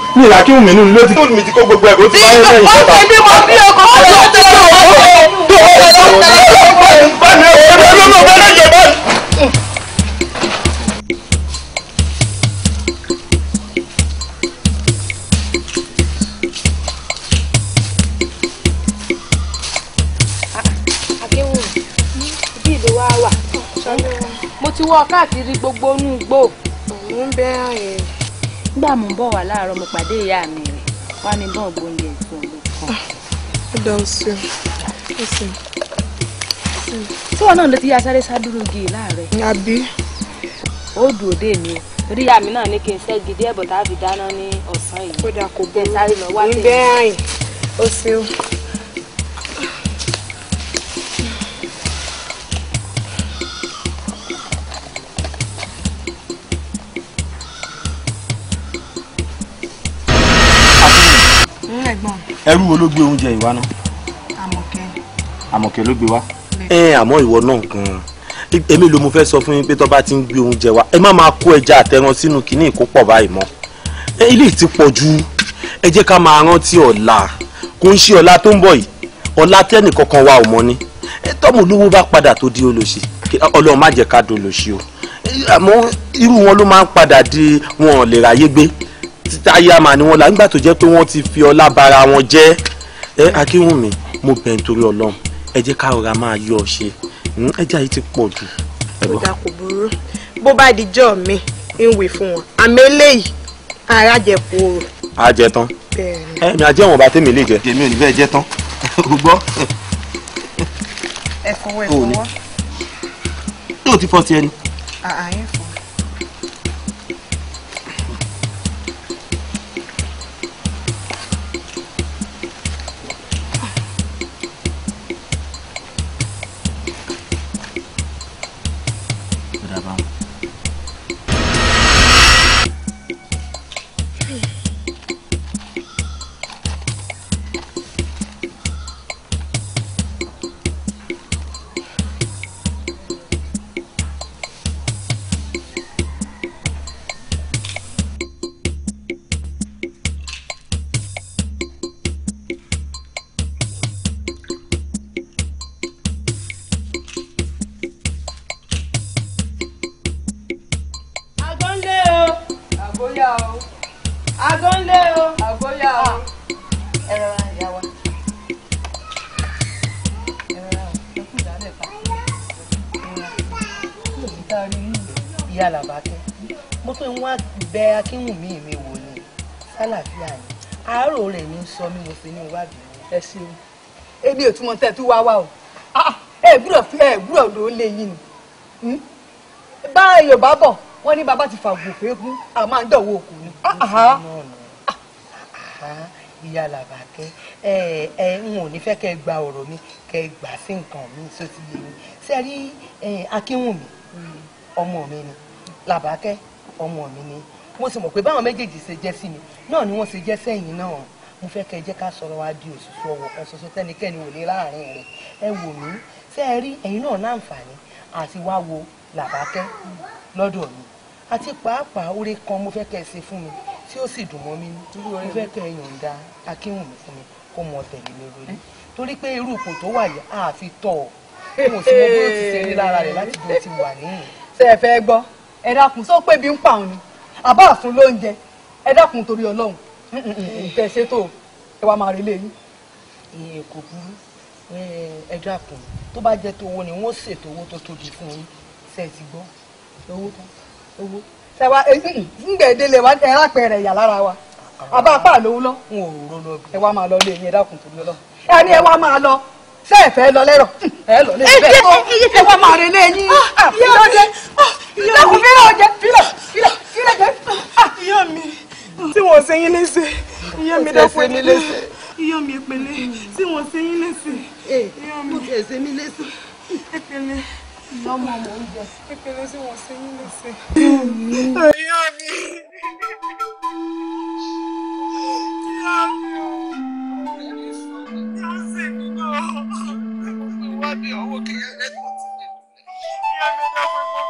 ní ìlàkí wùmí nínú ló ti tó mi ti kó gbogbo ẹ̀kọ́ ti bá yẹn lẹ́yìn sọ́ta. ọ̀sẹ̀ bí mo bí ọkọ̀ tó lọ sí ọ̀rọ̀ ọ̀rọ̀ tó ọ̀rọ̀ tó ọ̀rọ̀ tó ọ̀rọ̀ tó mo ti wọ káàkiri gbogbo inú igbó. òun ń bẹ́ àyè. Eh, nígbà mò ń bọ̀ wá láàárọ̀ mo pàdé ìyá mi rẹ̀ wá mi bọ̀ gbóúnjẹ ìfún mi. ó dán sí ó sì tí wọn náà ló ti yá sáré sádúró gèè láàárọ̀. àbí. ó dùn òde mi o torí àmì náà ní kí gidi ẹ̀bọ̀ a fi dáná ní ọ̀sán yìí. kódà kò lọ ẹrú wo ló gbé oúnjẹ ìwá náà. àmọ̀kẹ́. àmọ̀kẹ́ ló gbé wá. ẹ àmọ́ ìwọ náà gan-an èmi ló mo fẹ́ sọ fún yín pé tó bá ti ń gbé oúnjẹ wá ẹ má máa kó ẹja àtẹran sínú kinní ìkópọ̀ báyìí mọ́ ilé ti pọ̀ jù ẹ jẹ́ ká máa rántí ọ̀la kò ń ṣe ọ̀la tó ń bọ̀ yìí ọ̀la tẹ́nì kankan wa ò mọ ni tọ́mù olówó bá padà tó di olóṣì ọlọ́run má jẹ́ ká dolóṣì o àmọ́ irú wọn ló máa ń padà di wọn ò lè ráyé gbé táyàmà ni wọ́n là nígbà tó jẹ́ pé wọ́n ti fi ọlá bara wọn jẹ́ ẹ akínwùmí mo bẹ̀ nítorí ọlọ́run ẹ jẹ́ ká rọra máa yọ ọ ṣe hmm, ẹjẹ́ yìí ti pọ̀ jù. ó dà kò burú bó bá dijọ́ mi ń wè fún wọn àmọ́ eléyìí ara jẹ kúrò. a jẹ tán ẹ mi àjẹ́ wọn bá tèmi lè jẹ. èmi ò ní bẹ́ẹ̀ jẹ tán o gbọ́. ẹ fọwọ́ ẹ fọwọ́. yóò ti fọ́ sí ẹni. àà yẹn sọ mí mo sì ní ìwà bí ẹ ṣeun ebi ò túmọ̀ tẹ́ tú wá wá o ah, ah, ẹ gbúdọ̀ fi ẹ gbúdọ̀ ló lé yín ni hmm? bá yorùbá bọ̀ wọ́n ní bàbá ti fàgbò fẹ́ẹ́kún àwọn máa ń dọ̀wọ́ òkú ni. Ah, ìyá làbàkẹ́ ẹ ẹ ń ò ní fẹ́ kẹ́ ẹ gba ọ̀rọ̀ mi kẹ́ ẹ gbà sí nǹkan mi tó ti yé mi ṣe rí akínwùmí ọmọ mi ni làbàkẹ́ ọmọ mi ni mo sì mọ̀ pé báwọn méjèèjì ṣe jẹ́ sí mi náà ni wọ́n ṣe jẹ́ sẹ́yìn náà mo fẹ́ kẹ́ ẹ jẹ́ ká sọ̀rọ̀ wa di òṣìṣẹ́ ọwọ́ kan ṣoṣo tẹ́nikẹ́ni ò lè láàrin rẹ̀ ẹ wò mí ṣé ẹ rí ẹ̀yin náà láǹfààní àti wá wo làbákẹ́ lọ́dọ̀ mi àti pàápàá oore kan mo fẹ́ kẹ́ ẹ ṣe fún mi tí ó sì dùn mọ́ mi mo fẹ́ kẹ́ ẹ yọ̀ǹda akínwùmí fún mi kó mọ tẹ̀lé mi lórí torí pé irú ipò tó wà yìí àfi tọ̀ ọ́ mo sì mọ bí ó ti ṣe rí lára rẹ̀ láti bó ti wà níyìn. ṣé ẹ fẹ́ gbọ́ ẹ tẹ ṣètò ẹ wá máa rí lẹ́yìn ìyẹn kò burú ẹ dàpọ̀ tó bá jẹ́ tó owó ni wọ́n ṣètò owó tó tóbi fún yín ṣe ti gbọ́ owó tán owó ṣe wá ngbẹ̀dẹ́lẹ̀ wá ẹ rápẹ̀rẹ̀ yà lára wa àbá apá lówó lọ n ò rò lọ ẹ wá máa lọ lẹ́yìn ẹ dàpọ̀ torí ọlọ́ ẹ ní ẹ wá máa lọ ṣé ẹ fẹ́ lọ lẹ́rọ̀ ẹ lọ lẹ́yìn bẹ́ẹ̀ tó ẹ wá máa rí lẹ́yìn ìyá mi ìyá mi ìyá mi ìyá mi tí wọ́n ṣe yín léṣe iye mi dákun ní léṣe iye mi ìpele tí wọ́n ṣe yín léṣe iye mi ìṣe mi léṣe ìpele lọ́mọ mò ń jẹ ìpele tí wọ́n ṣe yín léṣe iye mi iye mi yóò ṣe mí náà wá ní ọwọ́ kẹyà iye mi dákun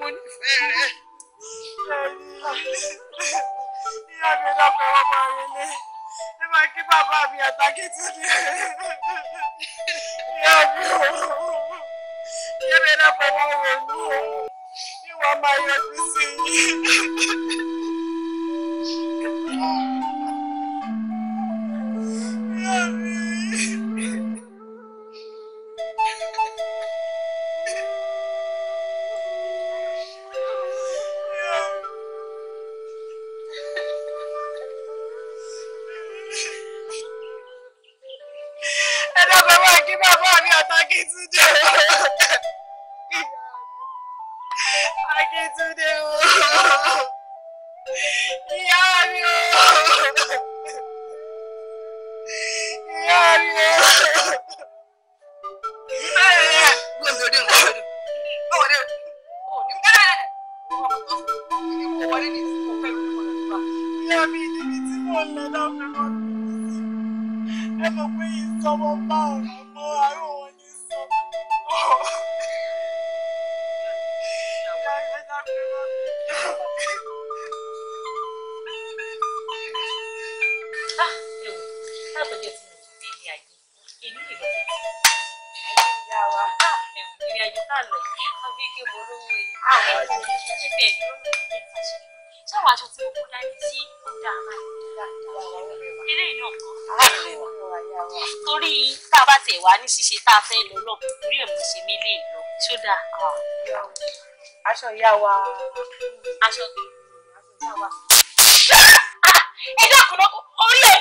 mo nífẹ̀ẹ́ rẹ. ìyá mi dákọ̀ ẹ̀rọ máa relé ẹ máa kí bàbá mi àtàkìtì ni ìyá mi ò ìyá ṣíṣe tá a fẹ́ lọ lọ rí èmi ṣe mí lè lọ tí ó dà. Ah, aṣọ ìyá wa. aṣọ ìyá wa. Ah! ẹ dákun náà ó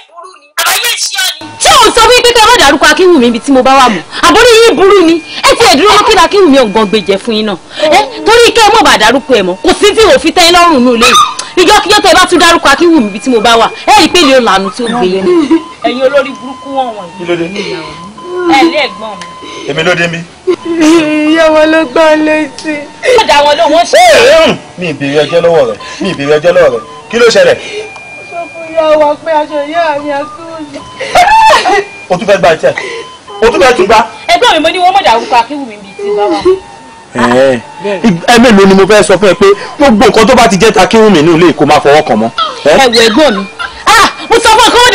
burú ni àbáyé ṣíọ ni. ṣé òun sọ wípé kí ẹ má dárúkọ akínwùmí ibi tí mo bá wà mọ àbórí yín burú ni ẹ ti ẹdúró mọ kí ni akínwùmí ọgbọn gbèjẹ fún yín náà ẹ torí kẹ ẹ mọ bá dárúkọ ẹ mọ kò sí tí òfin tẹ ẹ lọ́rùn nù lẹ́yìn ìjọkíjọ tẹ bá tún dárúkọ akínwùmí ibi tí mo bá wà ẹ ìpele ọlànà tó gbé yín. [laughs] ẹ̀yin olórí burúkú wọn wọ̀nyí ẹ lé ẹ̀gbọ́n mi. èmi ló dé mi. ìyá wọn ló gbọ́ létí. ó dà wọn lóhun ṣe. Um, mi ìbéèrè ọjọ́ lọ́wọ́ rẹ̀ mi ìbéèrè ọjọ́ lọ́wọ́ rẹ̀ kí ló ṣẹlẹ̀. sọ fún ìyá wa pé aṣọ ìyá mi àtúwòye. o tún fẹ́ gba ìtẹ́ o tún fẹ́ tún gbá. ẹ̀gbọ́n mi mo ní wọ́n mọ̀dà orúkọ akíwùmí bíi ti bàbá ẹ mélòó ni mo fẹ́ sọ fún ẹ pé gbogbo nǹkan tó bá ti jẹ́ ta kí wùmí ní ilé kó má fọwọ́ kàn mọ́. ẹ wo ẹ̀gbọ́n mi mo sọ fún ọ kí wọ́n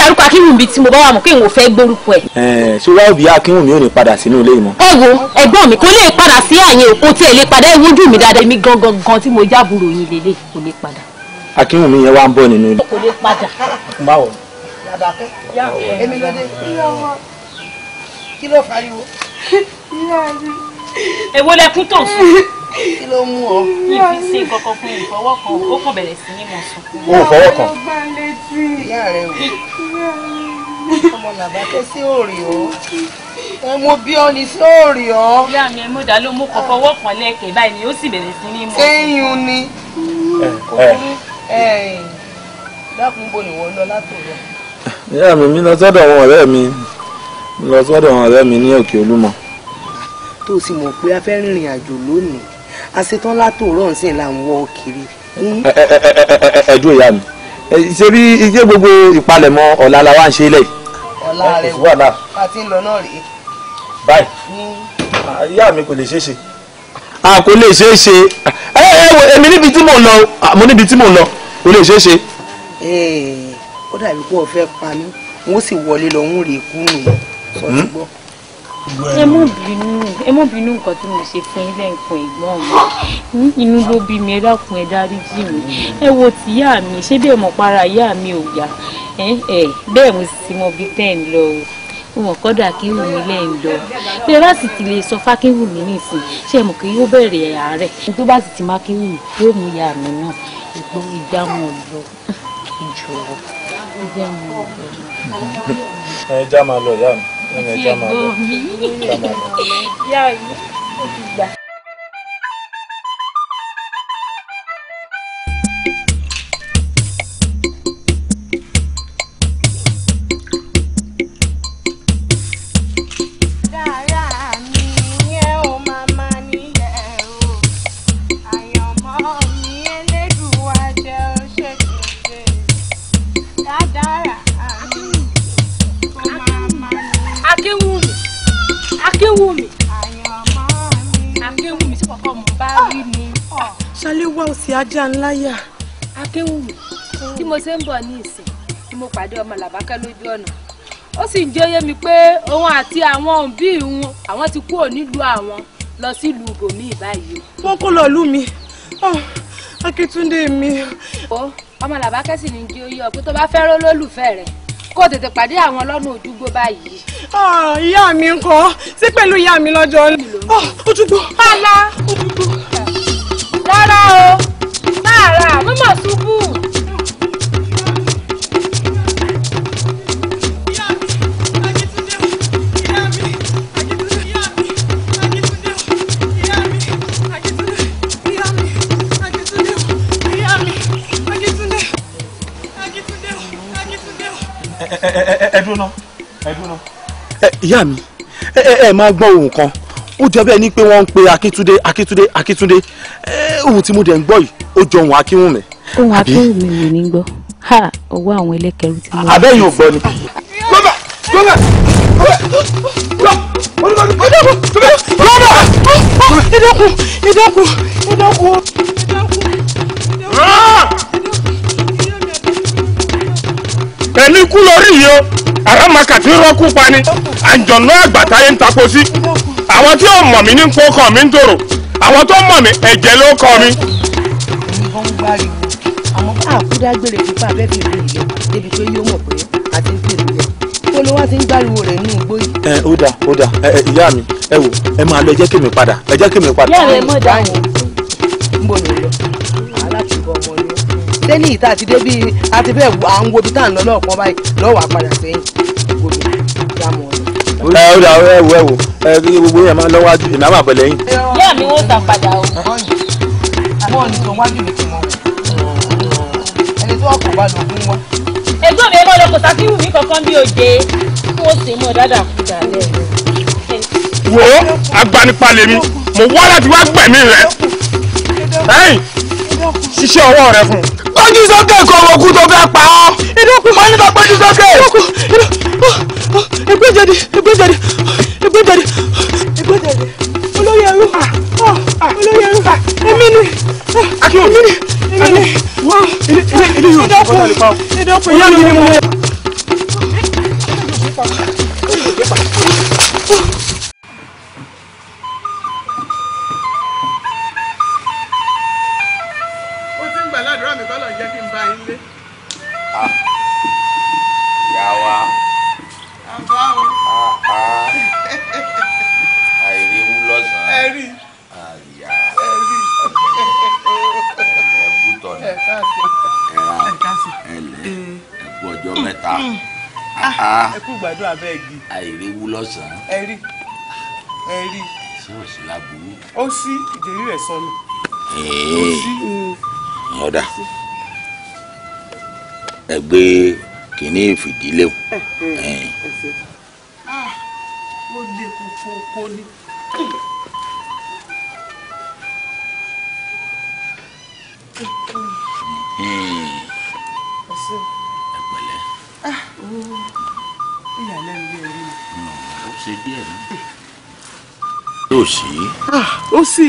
dárúkọ akínwùmí tí mo bá wà mọ̀ pé n ò fẹ́ gbórúkọ ẹ̀. ẹ ṣé wá òbí akínwùmí ò ní padà sínú ilé mọ́. ẹ wo ẹ̀gbọ́n mi kò lè padà sí àyè òkú tí ẹ lè padà ẹ wojú mi dáadáa èmi gangan gan tí mo jábùrò yín lélẹ̀ kò lè padà. akínwùmí yẹn wá ń bọ̀ nínú ilé. kò lè padà. báwo. kí ló fariwo. [laughs] ẹ [laughs] kí ló mú ọ. mi fi sí kankan fún ìfọwọ́ kan ó kàn bẹ̀rẹ̀ sí ní mọ̀ sùn. o fọwọ́ kan. ìyá rẹ wò ọmọ làbákẹ́ sí òòrì ọ́ ẹ mo bí ọ ní sí òòrì ọ́. ìyá mi ẹ mú dá ló mú kọ fọwọ́ kan lẹ́ẹ̀kẹ́ báyìí ni ó sì bẹ̀rẹ̀ sí ní mọ̀. séyún ni dákun bo ni wọ́n lọ látòrọ. ìyá mi mi lọ sọ́dọ̀ àwọn ọ̀rẹ́ mi ní òkè olúmọ. tó o sì mọ̀ pé a fẹ́ rìnrìn àjò lónìí àṣetán látòrọ̀ ń sìn ń wọ kiri. ẹ dúró ìyá mi ṣe bí iye gbogbo ìpalẹ̀mọ́ ọ̀la la wá ń ṣe lẹ̀. ọ̀la rẹ wò àti ń lọ náà rèé. báyìí ìyá mi kò lè ṣeé ṣe. a kò lè ṣeé ṣe ẹ ẹ wo èmi níbi tí mò ń lọ mo níbi tí mò ń lọ kò lè ṣeé ṣe. ó dàbí pé o fẹ́ pa mí mo sì wọlé lọ ń rè kú nìyẹn sọ ti gbọ́ ẹ mọ̀ bínú ẹ mọ̀ bínú nǹkan tí mo ṣe fún yín lẹ́ǹkan ẹ̀gbọ́n mi hmm? inú ló bí mi ẹ dákun ẹ dáríjì mi ẹ wo tìyá mi ṣé bẹ́ẹ̀ mọ̀ para ìyá mi ò yá bẹ́ẹ̀ mo sì ti mọ bí tẹ́ ẹ̀ ń lọ o wọn kọ́dà kí wù mí lẹ́yìn lọ pé bá sì ti lè sọ fákínwù mí nìsín ṣe mọ̀ kí yóò bẹ̀rẹ̀ àárẹ̀ tó bá sì ti má kínwù mí yóò mú ya mi náà ìgbó ìgbà wọn lọ ìjọ ìgbà wọn lọ. ẹ já máa lọ ìyá mi àti ẹ̀gbọ́n mi [laughs] yá yìí adáńláyà akéwùmí tí mo ṣe ń bọ̀ ní ìsìn tí mo pàdé ọmọ làbákẹ́ lójú ọ̀nà ó sì ń jẹ́yé mi pé òun àti àwọn òbí òun àwọn ti kúrò nílùú àwọn lọ sílùú ibòmíì báyìí. wọ́n kó lọ lú mi akíntúndé mi. ó ọmọ làbákẹ́ sì ní jẹ́ oyè ọ pé tó bá fẹ́ràn olólùfẹ́ rẹ̀ kó tètè pàdé àwọn lọ́nà ojúgbó báyìí. ìyá mi ń kọ́ sí pẹ̀lú ìyá mi lọ́jọ́ ojúgbó. bala ojúgbó. rárá o rárá mọ́mọ́ ṣubú. ẹ dúró náà ẹ dúró náà. ìyá mi ẹ ẹ máa gbọ́ ohun kan ó jọ bẹ́ẹ̀ ni pé wọ́n ń pe akíntúndé akíntúndé akíntúndé eh, ohun tí mo dẹ̀ ń gbọ́ yìí ó jọ ohun akínwùmí. ohun akínwùmí mi ní gbọ́ ha owó àwọn ẹlẹ́kẹ̀rú ti mú. abẹ́yìn ò gbọ́ ni. gbọ́dọ̀ gbọ́dọ̀ ìdẹ́kun ìdẹ́kun ìdẹ́kun pẹ̀lú ikú lórí yìí o àràmàkà tí ń rọ́kú pa ni àjọ̀nà àgbàtà yẹn ń takò sí àwọn tí ò mọ̀ mí ní kó kàn ń tòrò àwọn tó mọ̀ mí ẹ̀jẹ̀ ló kọ mi. ẹ ó dà ó dà ẹ ìyá mi ẹ wò ẹ máa lọ ẹ jẹ́ kí mi padà ẹ jẹ́ kí mi padà. yàrá ẹ mọ̀ dáhùn ń bò lóyọ alátùbọ̀ ọmọ yẹn sẹ́ni ìta àti débi àti bẹ́ẹ̀ à ń wo ibi tá à ń lọ lọ́ọ̀kan báyìí lọ́wọ́ àpadà sẹ́yìn gbogbo ìyá mọ̀ ọ́. ẹ ó dà ẹ wò ẹ wò ẹ kí gbogbo yẹn máa lọ́wájú èmi àmà bọ̀ lẹ́yìn. yá mi wọ́n ta padà o. àwọn ọ̀nì tó wájú mi ti mọ ẹni tó ọkọ̀ bá lògùn wá. ẹgbọ́n mi ẹgbọ́n lọkọ̀ sáfì wù mí kankan bí òde kí wọ́n sì mọ̀ dáadáa kú dàlẹ́. wo agbanipalẹ̀ mi mo wá láti wá gbẹ̀mí rẹ̀ ẹ̀yìn ṣiṣẹ́ ọwọ́ rẹ fún. gbójú sókè kó o kú tó fẹ́ pa ọ́. ìdókùn máa nípa gbójú sókè. ìdókùn ìdókùn ẹgbẹ́jáde ẹgbẹ́jáde ẹ̀gbọ́n dẹ̀dẹ̀ ẹ̀gbọ́n dẹ̀dẹ̀ olóyè ẹrú olóyè ẹrú èmi ni èmi ni èmi ni ẹ̀dọ́kùn ẹ̀dọ́kùn ẹ̀yà mi ni mo. sọnù. ọ̀dà ẹ gbé kínní ìfìdílé eh, eh, ah, hmm. ah, o. Hmm, ó lè kókó kó ní. ẹ̀pẹ̀lẹ́. ìyàlẹ́nu bí ẹ ó sì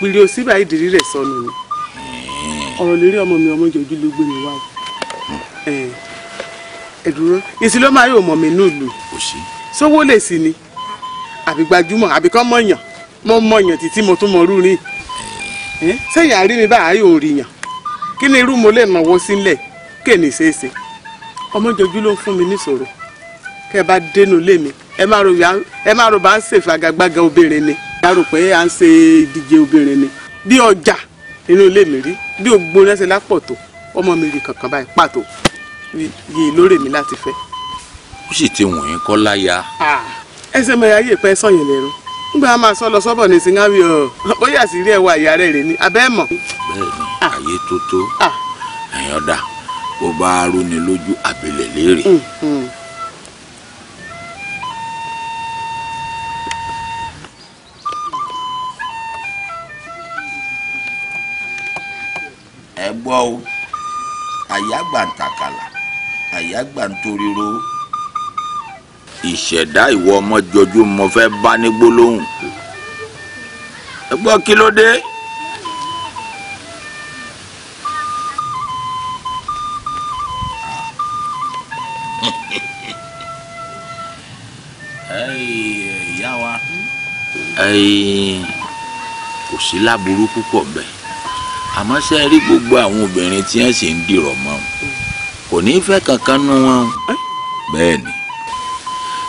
pèrè òsì báyìí dìrí rẹ̀ sọnù ni ọ̀rọ̀ lórí ọmọ mi ọmọ ìjọ́jú ló gbé mi wá o ẹ̀dúró ìsìn ló máa yóò mọ̀ mí nílùú sówó lè sí ni àbí gbajúmọ̀ àbí kọ́ mọ̀yàn mo mọ̀yàn títí mo tún mọ̀ rú ni sẹ́yìn àrí mi báyìí ò rí yàn kí ni irú mo lè náwó sílẹ̀ kí ni ṣeéṣe ọmọ ìjọ́jú ló ń fún mi níṣòro kẹ́ bá dénú lé mi ẹ má ro bá ń ṣèfagagbága obìnrin ni. a rò pé à ń ṣe ìdíje obìnrin ni bí ọjà inú ilé mi rí bí ògbó lápọ̀ tó ọmọ mi rí kankan báyìí pàtó yìí mi láti fẹ́. ó sì ti wọ̀nyí kọ́ sọ lọ sọ́bọ̀ ní ọ̀ bóyá rẹ̀ rè ni abẹ́ mọ̀. ayé tó tó bá rú ni lójú àbílẹ̀ gbọ́ o àyágbà ń takàlà àyágbà ń toriro ìṣẹ̀dá ìwọ ọmọ jọjú mo fẹ́ bá ní gbólóhùn ẹ gbọ́ kí ló dé. [laughs] ìyá wa. kò sí láburú púpọ̀ bẹ́ẹ̀ àmọ́ ṣe é rí gbogbo àwọn obìnrin tí wọ́n ṣe ń dìrọ̀ mọ́ wọn kò ní í fẹ́ kankan nú wọn bẹ́ẹ̀ ni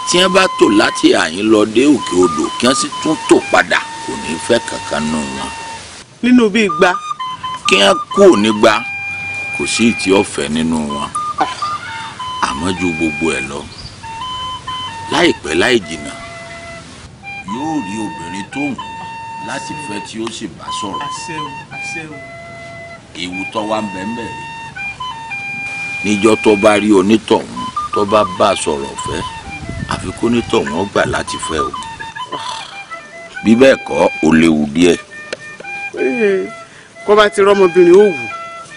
tí wọ́n bá tò láti àyín lọ dé òkè odò kí wọ́n sì tún tò padà kò ní í fẹ́ kankan nú wọn. nínú bí igba. kí wọ́n kú nígbà kò sí ìtì ọ̀fẹ́ nínú wọn àmọ́ ju gbogbo ẹ̀ lọ láìpẹ́ láì jìnnà yóò rí obìnrin tó wù láti fẹ́ tí ó sì bá sọ̀rọ̀ ṣe o. ewu tó wá ń bẹ̀ ń bẹ̀ rẹ̀ níjọ́ tó bá rí onítọ̀hún tó bá bá a sọ̀rọ̀ fẹ́ àfi kó onítọ̀hún ó gbà láti fẹ́ o bí bẹ́ẹ̀ kọ́ ó léwu díẹ̀. kó bá ti rọ́mọbìnrin ó wù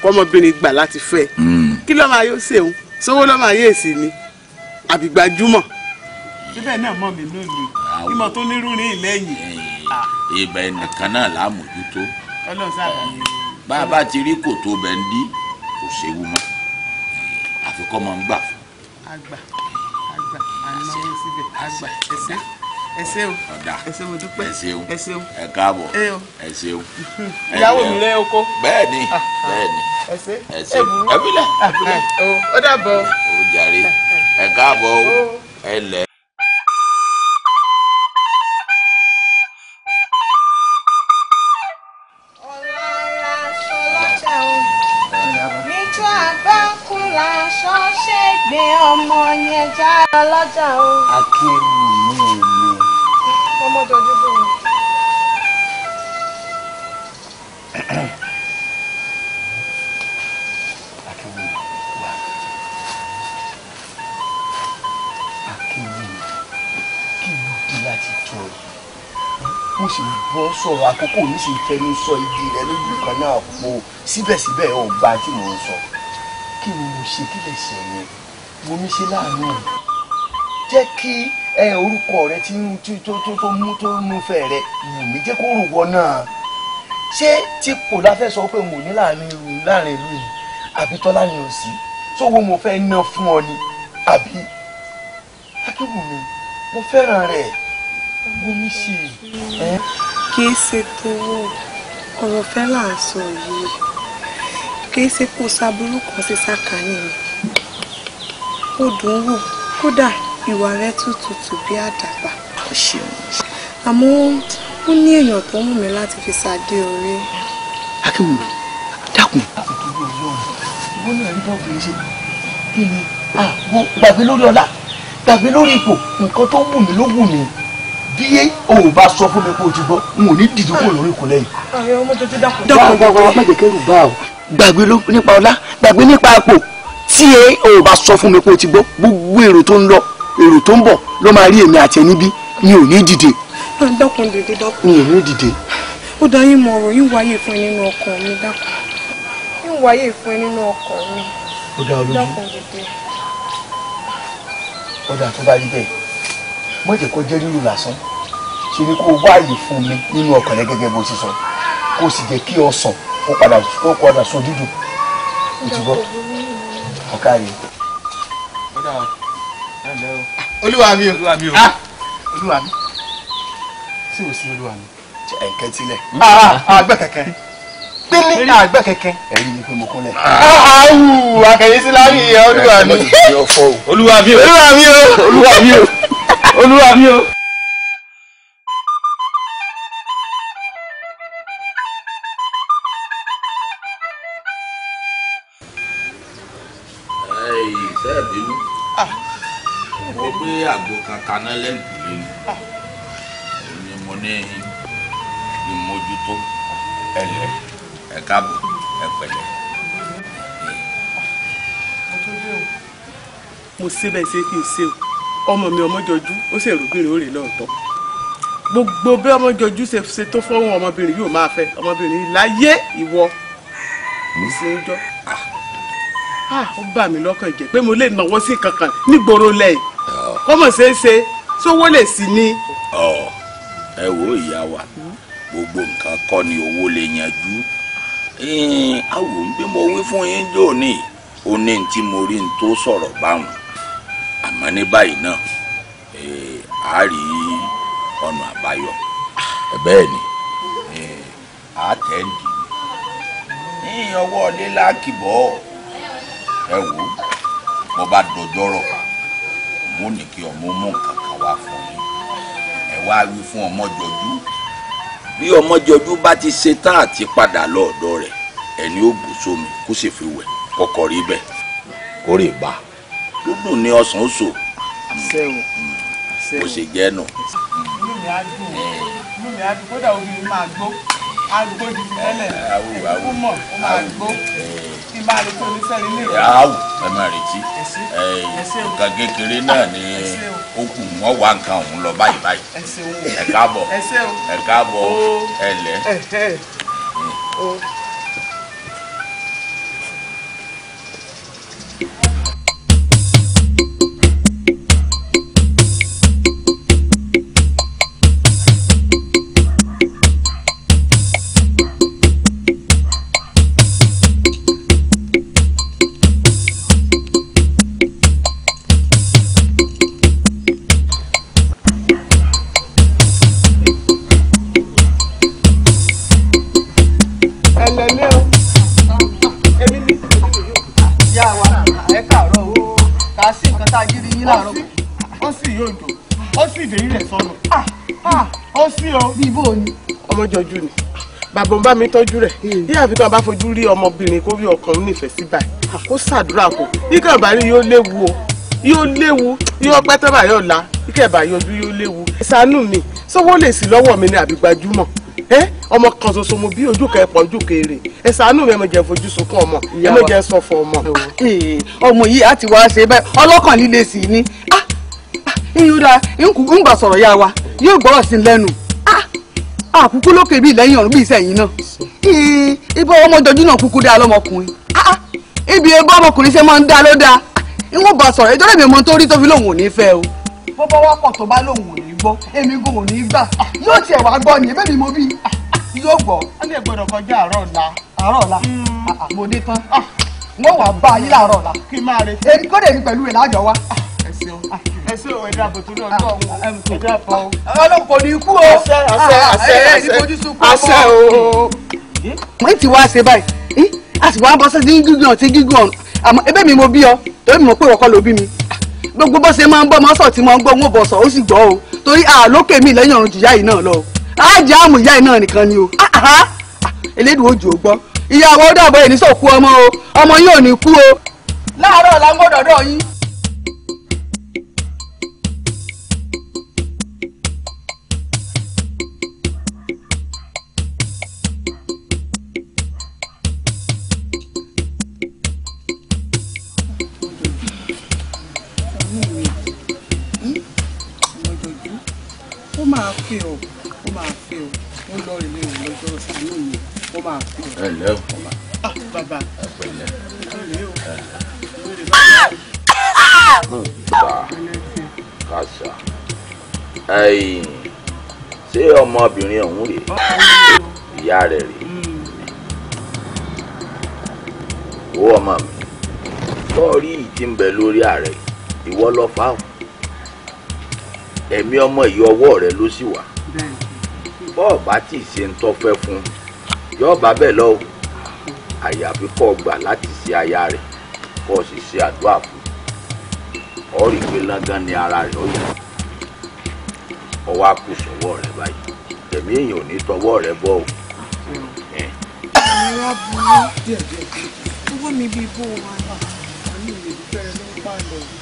kọ́mọbìnrin gbà láti fẹ́ hmm. kí ló máa yóò ṣeun sówó ló máa yé èsì ni àbí gbajúmọ̀ síbẹ̀ náà mọ̀ mí náà lè ìmọ̀ tó nírú ní ìlẹ́yìn. ibẹ̀ nìkan náà láàmójútó bá a bá ti rí kòtò bẹ̀ ń dí kò séwu mọ́ àfi kọ́ máa ń gbà fún. àgbà àgbà àná wọn síbẹ̀ àgbà ẹ̀sẹ̀ ẹ̀sẹ̀ o ẹ̀sẹ̀ mo dúpẹ́ ẹ̀sẹ̀ o ẹ káàbọ̀ ẹ̀sẹ̀ o. ìyàwó mi lé oko. bẹ́ẹ̀ni ah, ah. bẹ́ẹ̀ni ẹ̀sẹ̀ ẹ̀sẹ̀ ẹ̀bílẹ̀ ẹ̀bílẹ̀ ah, ó dàbọ̀. ó jàre eh, eh. ẹ káàbọ̀ o oh. ẹ lẹ̀. alájà o. akérò mi ò ní. ọmọ jọjú bò mí. mo sì gbọ́ sọ̀rọ̀ àkókò mi sì fẹnu sọ ibi rẹ lójú kan náà po síbẹ̀síbẹ̀ ò gba tí mò ń sọ kí ni mo ṣe kí lè ṣe mo mi ṣe láàánú jẹ́ kí orúkọ rẹ tí tó mú tó mú fẹ́ rẹ wù mí jẹ́ kó rò wọ náà ṣé tí kò la sọ pé mo ní láàrin ìlú yìí àbí tọ́lá ni ò sí sówó mo fẹ́ ná fún ọ ni àbí akíwùmí mo fẹ́ràn rẹ̀ gómi sí i. kì í ṣe tówó ọ̀rọ̀ fẹ́ là sọ yìí kì í ṣe kó sábúrú kan sí sàkání mi ó dùn ún wò kódà ìwà rẹ tún tutù bí àdàbà. ó ṣeun. àmọ́ ó ní èèyàn tó wù mí láti fi ṣàdé orí. akéwì dákun. àtúntò ọlọ́run ìwọ náà rí bọ́ọ̀bù yìí ṣe kí ni àwọn gbàgbé lórí ọlá gbàgbé lórí ipò nǹkan tó wù mí ló wù mí bí o ò bá sọ fún mi kó o ti gbọ́ n ò ní dìdú kó lórí kò lẹ́yìn. dákun dákun má jẹ́ bá o gbàgbé nípa ọlá gbàgbé nípa ipò tí o ò bá sọ fún mi kó o ti gbọ́ gbogbo èrò tó ń lọ èrò tó ń bọ̀ ló máa rí èmi àti ẹni bí mi ò ní dìde. Ah, dákun dìde dákun. mi ò ní dìde. ó dá yín mọ ọ̀rọ̀ yín wáyé fún ẹ nínú ọkàn mi dákun yín wáyé fún ẹ nínú ọkàn mi. ó dá olójú dákun dìde. ọ̀dà tó bá rí bẹ́ẹ̀ mọ̀ jẹ́ kó jẹ́ rírù lásán ṣe ni kó wáyé fún mi nínú ọkàn rẹ gẹ́gẹ́ bó ṣe sọ kó sì jẹ́ kí ọsàn kó padà sọ dídùn ìtúbọ̀ ọ̀ká rèé olúwa mi o olúwa mi o ah. olúwa mi sí o sí olúwa mi. ẹ̀ǹkẹ́ tilẹ̀. Ah, ah, hmm? àgbẹ̀ kẹ̀kẹ́ pínlẹ̀ àgbẹ̀ kẹ̀kẹ́. ẹ̀yin ni pé mo kúnlẹ̀. awu akẹ́yìn sí láyé olúwa mi. olúwa mi o olúwa mi o olúwa mi o olúwa mi o. talent lẹ́nu ah. èmi mo ní ìmójútó ẹlẹ ẹ káàbọ̀ ẹ pẹ̀lẹ́. mo ṣe ṣe kí n ṣe o ọmọ mi ọmọjọjú ó sì rògbìnrin ó rè lọ́ọ̀tọ́ gbogbo bí ọmọjọjú ṣe ṣe tó fọwọ́ ọmọbìnrin yóò máa fẹ́ ọmọbìnrin láyé ìwọ mo ṣe ń jọ ah. Ah, ó bà mí lọ́kàn jẹ́ pé mo lè náwó sí kankan nígboro lẹ́yìn kọ́mọ̀ ṣeé ṣe sówó lè sí ni. ọ ẹ wo ìyá wa gbogbo nǹkan kọ́ ni owó lè yanjú àwò ń bí mo wí fún yín jò ní o ní tí mo rí n tó sọ̀rọ̀ báwọn àmọ́ ní báyìí náà a rí ọ̀nà àbáyọ bẹ́ẹ̀ ni a tẹ̀ ń dì ní ọwọ́ lílá kìbọ̀ ẹ wò ó bọ́ bá dọjọ́rọ̀ mo ní kí ọmọ mú nǹkan wá fún yín ẹ wá wí fún ọmọjọjú bí ọmọjọjú bá ti ṣe tá àti padà lọ́ọ̀dọ̀ rẹ̀ ẹni ó bù sómi kó sì fi wẹ̀ kọkọ rí bẹ́ẹ̀ kó rè bá dúdú ní ọ̀sán ó kó sì jẹ́ nù. inú tó ní sẹ́yìn lè. àwù kékeré náà ni. ẹ ṣeun ó kù wọ́n wá nǹkan ọ̀hún lọ báyìí báyìí ẹ káàbọ̀ ẹ káàbọ̀ ẹ lẹ́. jọjú ni bàbá ń bá mi tọ́jú rẹ̀ yí hmm. àfi tó a bá fojú rí ọmọbìnrin kó rí ọkàn nífẹ̀ẹ́ sí báyìí kó ṣàdúrà kù yíkàbá rí yóò léwu o yóò léwu yóò pẹ́ tẹ́bà yóò la yíkàbá yọjú yóò léwu. ṣàánú mi sọ́wọ́ lè sí lọ́wọ́ mi ní àbí gbajúmọ̀ ẹ ọmọ kan ṣoṣo mo bí ojú kẹpọ̀ ojú kéré ẹ ṣàánú mi ẹ mọ jẹ fojú sunkún ọmọ ẹ mọ jẹ sọ fún ọmọ. Hmm. ọmọ yìí á ti wá ṣe báyìí ọlọ́kàn líle sí ni ah ah iyùn dáa ń gbà sọ̀rọ̀ yá wa yóò gbọ́rọ̀ sí lẹ́nu àkúkú ah, lókè bíi lẹ́yìn ọ̀run bíi sẹ́yìn náà ibo ọmọ jọjú náà kúkú dáa lọ́mọkùnrin ah, ah, ibi ebó ọmọkùnrin ṣe máa ń dá ló dáa ìwọ̀n bá sọ̀rọ̀ ìjọba èmi ọmọ tó rí tó fi lòun ò ní fẹ́ o. bó bá wá tó bá lòun ò ní gbọ́ èmi gò ò ní gbà yóò tiẹ̀ wá gbọ́ ni mo bí yóò gbọ́. wọ́n lè gbọ́dọ̀ kọjá àárọ̀ ọ̀la àárọ̀ hmm. ẹ sí òun ẹ̀dá àbòtú náà náà ẹ̀dá àbọ̀ o. ọlọ́run kò ní ikú o àṣẹ àṣẹ ah, àṣẹ àṣẹ o. wọ́n hm? ti wá ṣe báyìí hm? a sì wá bọ́ sí gígùn ọ̀tí gígùn ọ̀nà àmọ́ ebe mi mo bí ọ torí mi mọ̀ pé ìwọ́kọ́ ló bí mi gbogbo bó ṣe máa ń bọ́ ọmọ sọ̀ tí mo ń gbọ́ òun ò bọ̀ sọ̀ ó sì gbọ́ o torí àlókè mi lẹ́yìn ọ̀run jìyà yìí náà lọ ájá àmù ìyá yìí náà nìkan ni o elédùn òjò gbọ́ ìyá àwọn ó dàbọ̀ èyí ní sòkú ọmọ o ọmọ yóò ní kú o. láàárọ̀ làwọn gbọ́dọ̀ dọ̀ yín fẹ́ o ó máa fẹ́ o ó lọ ilé ìwé lọ́jọ́ ìṣàánú mi ó máa fẹ́ o. ẹ lẹ́ o bàbá. Ah, bàbá ẹ pẹ̀lẹ́. Ah! kàṣà ẹyìn ṣé ọmọbìnrin ọ̀hún rèé ìyá rẹ̀ rèé hmm. wo ọmọ mi tọ́ọ̀rí yìí ti ń bẹ lórí ààrẹ ìwọ lọ fáwọn ẹ̀mí ọmọ yìí ọwọ́ rẹ ló sì wà bọ́ọ̀bá tí ì ṣe ń tọ́fẹ́ fún yọ̀ọ̀bá bẹ́ẹ̀ lọ àyàfi kọ́ gbà láti ṣe aya rẹ̀ kọ́ sì ṣe àdúrà fún ọ rí i pé lágán ni ara rẹ̀ ó yà ọwọ́ á kù sọ́wọ́ rẹ̀ báyìí tẹ̀mí èèyàn ò ní tọwọ́ rẹ̀ bọ́ o. ìrora burú díẹ̀díẹ̀ owó mi bíi bó wa wà ní ìlú fẹ́rẹ̀ ló ń pààlọ́ yìí.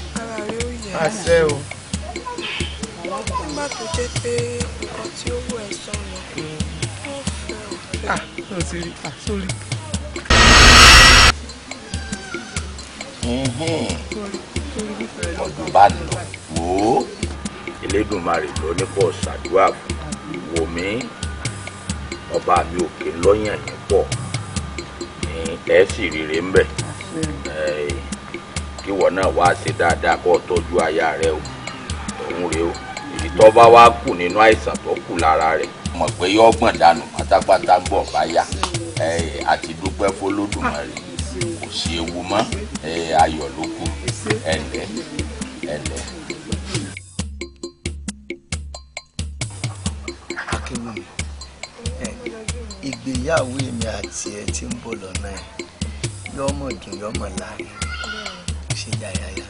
kára rẹ ó yẹ àṣẹ o nígbà tó jẹ́ pé nǹkan tí ó wù ẹ́ sọ̀rọ̀ ó fẹ́ o. ah ló ti rí ah sórí. bá lò wò ó Elédùmarè ló ní kó ṣàdúrà fún ìwò mi ọba mi òkè lọ́yàn yẹn pọ̀ ní ẹ̀ẹ́sì rere ń bẹ̀ kíwọ náà wá ṣe dáadáa kó o tọ́jú aya rẹ o òun rèé o èyí tó bá wá kù nínú àìsàn tó kù lára rẹ mọ̀ pé yọ ọgbọ̀n dànù pátápátá ń bọ̀ báyà àti dúpẹ́ fọlọ́dúnmọ́rì kò sí ewu mọ́ ayọ̀ ló kù ẹ̀lẹ́ ẹ̀lẹ́. ìgbéyàwó èmi àti ẹ ti ń bọ̀ lọ́nà ẹ̀ yọmọdún yọmọ láàrin ṣe yàyàyà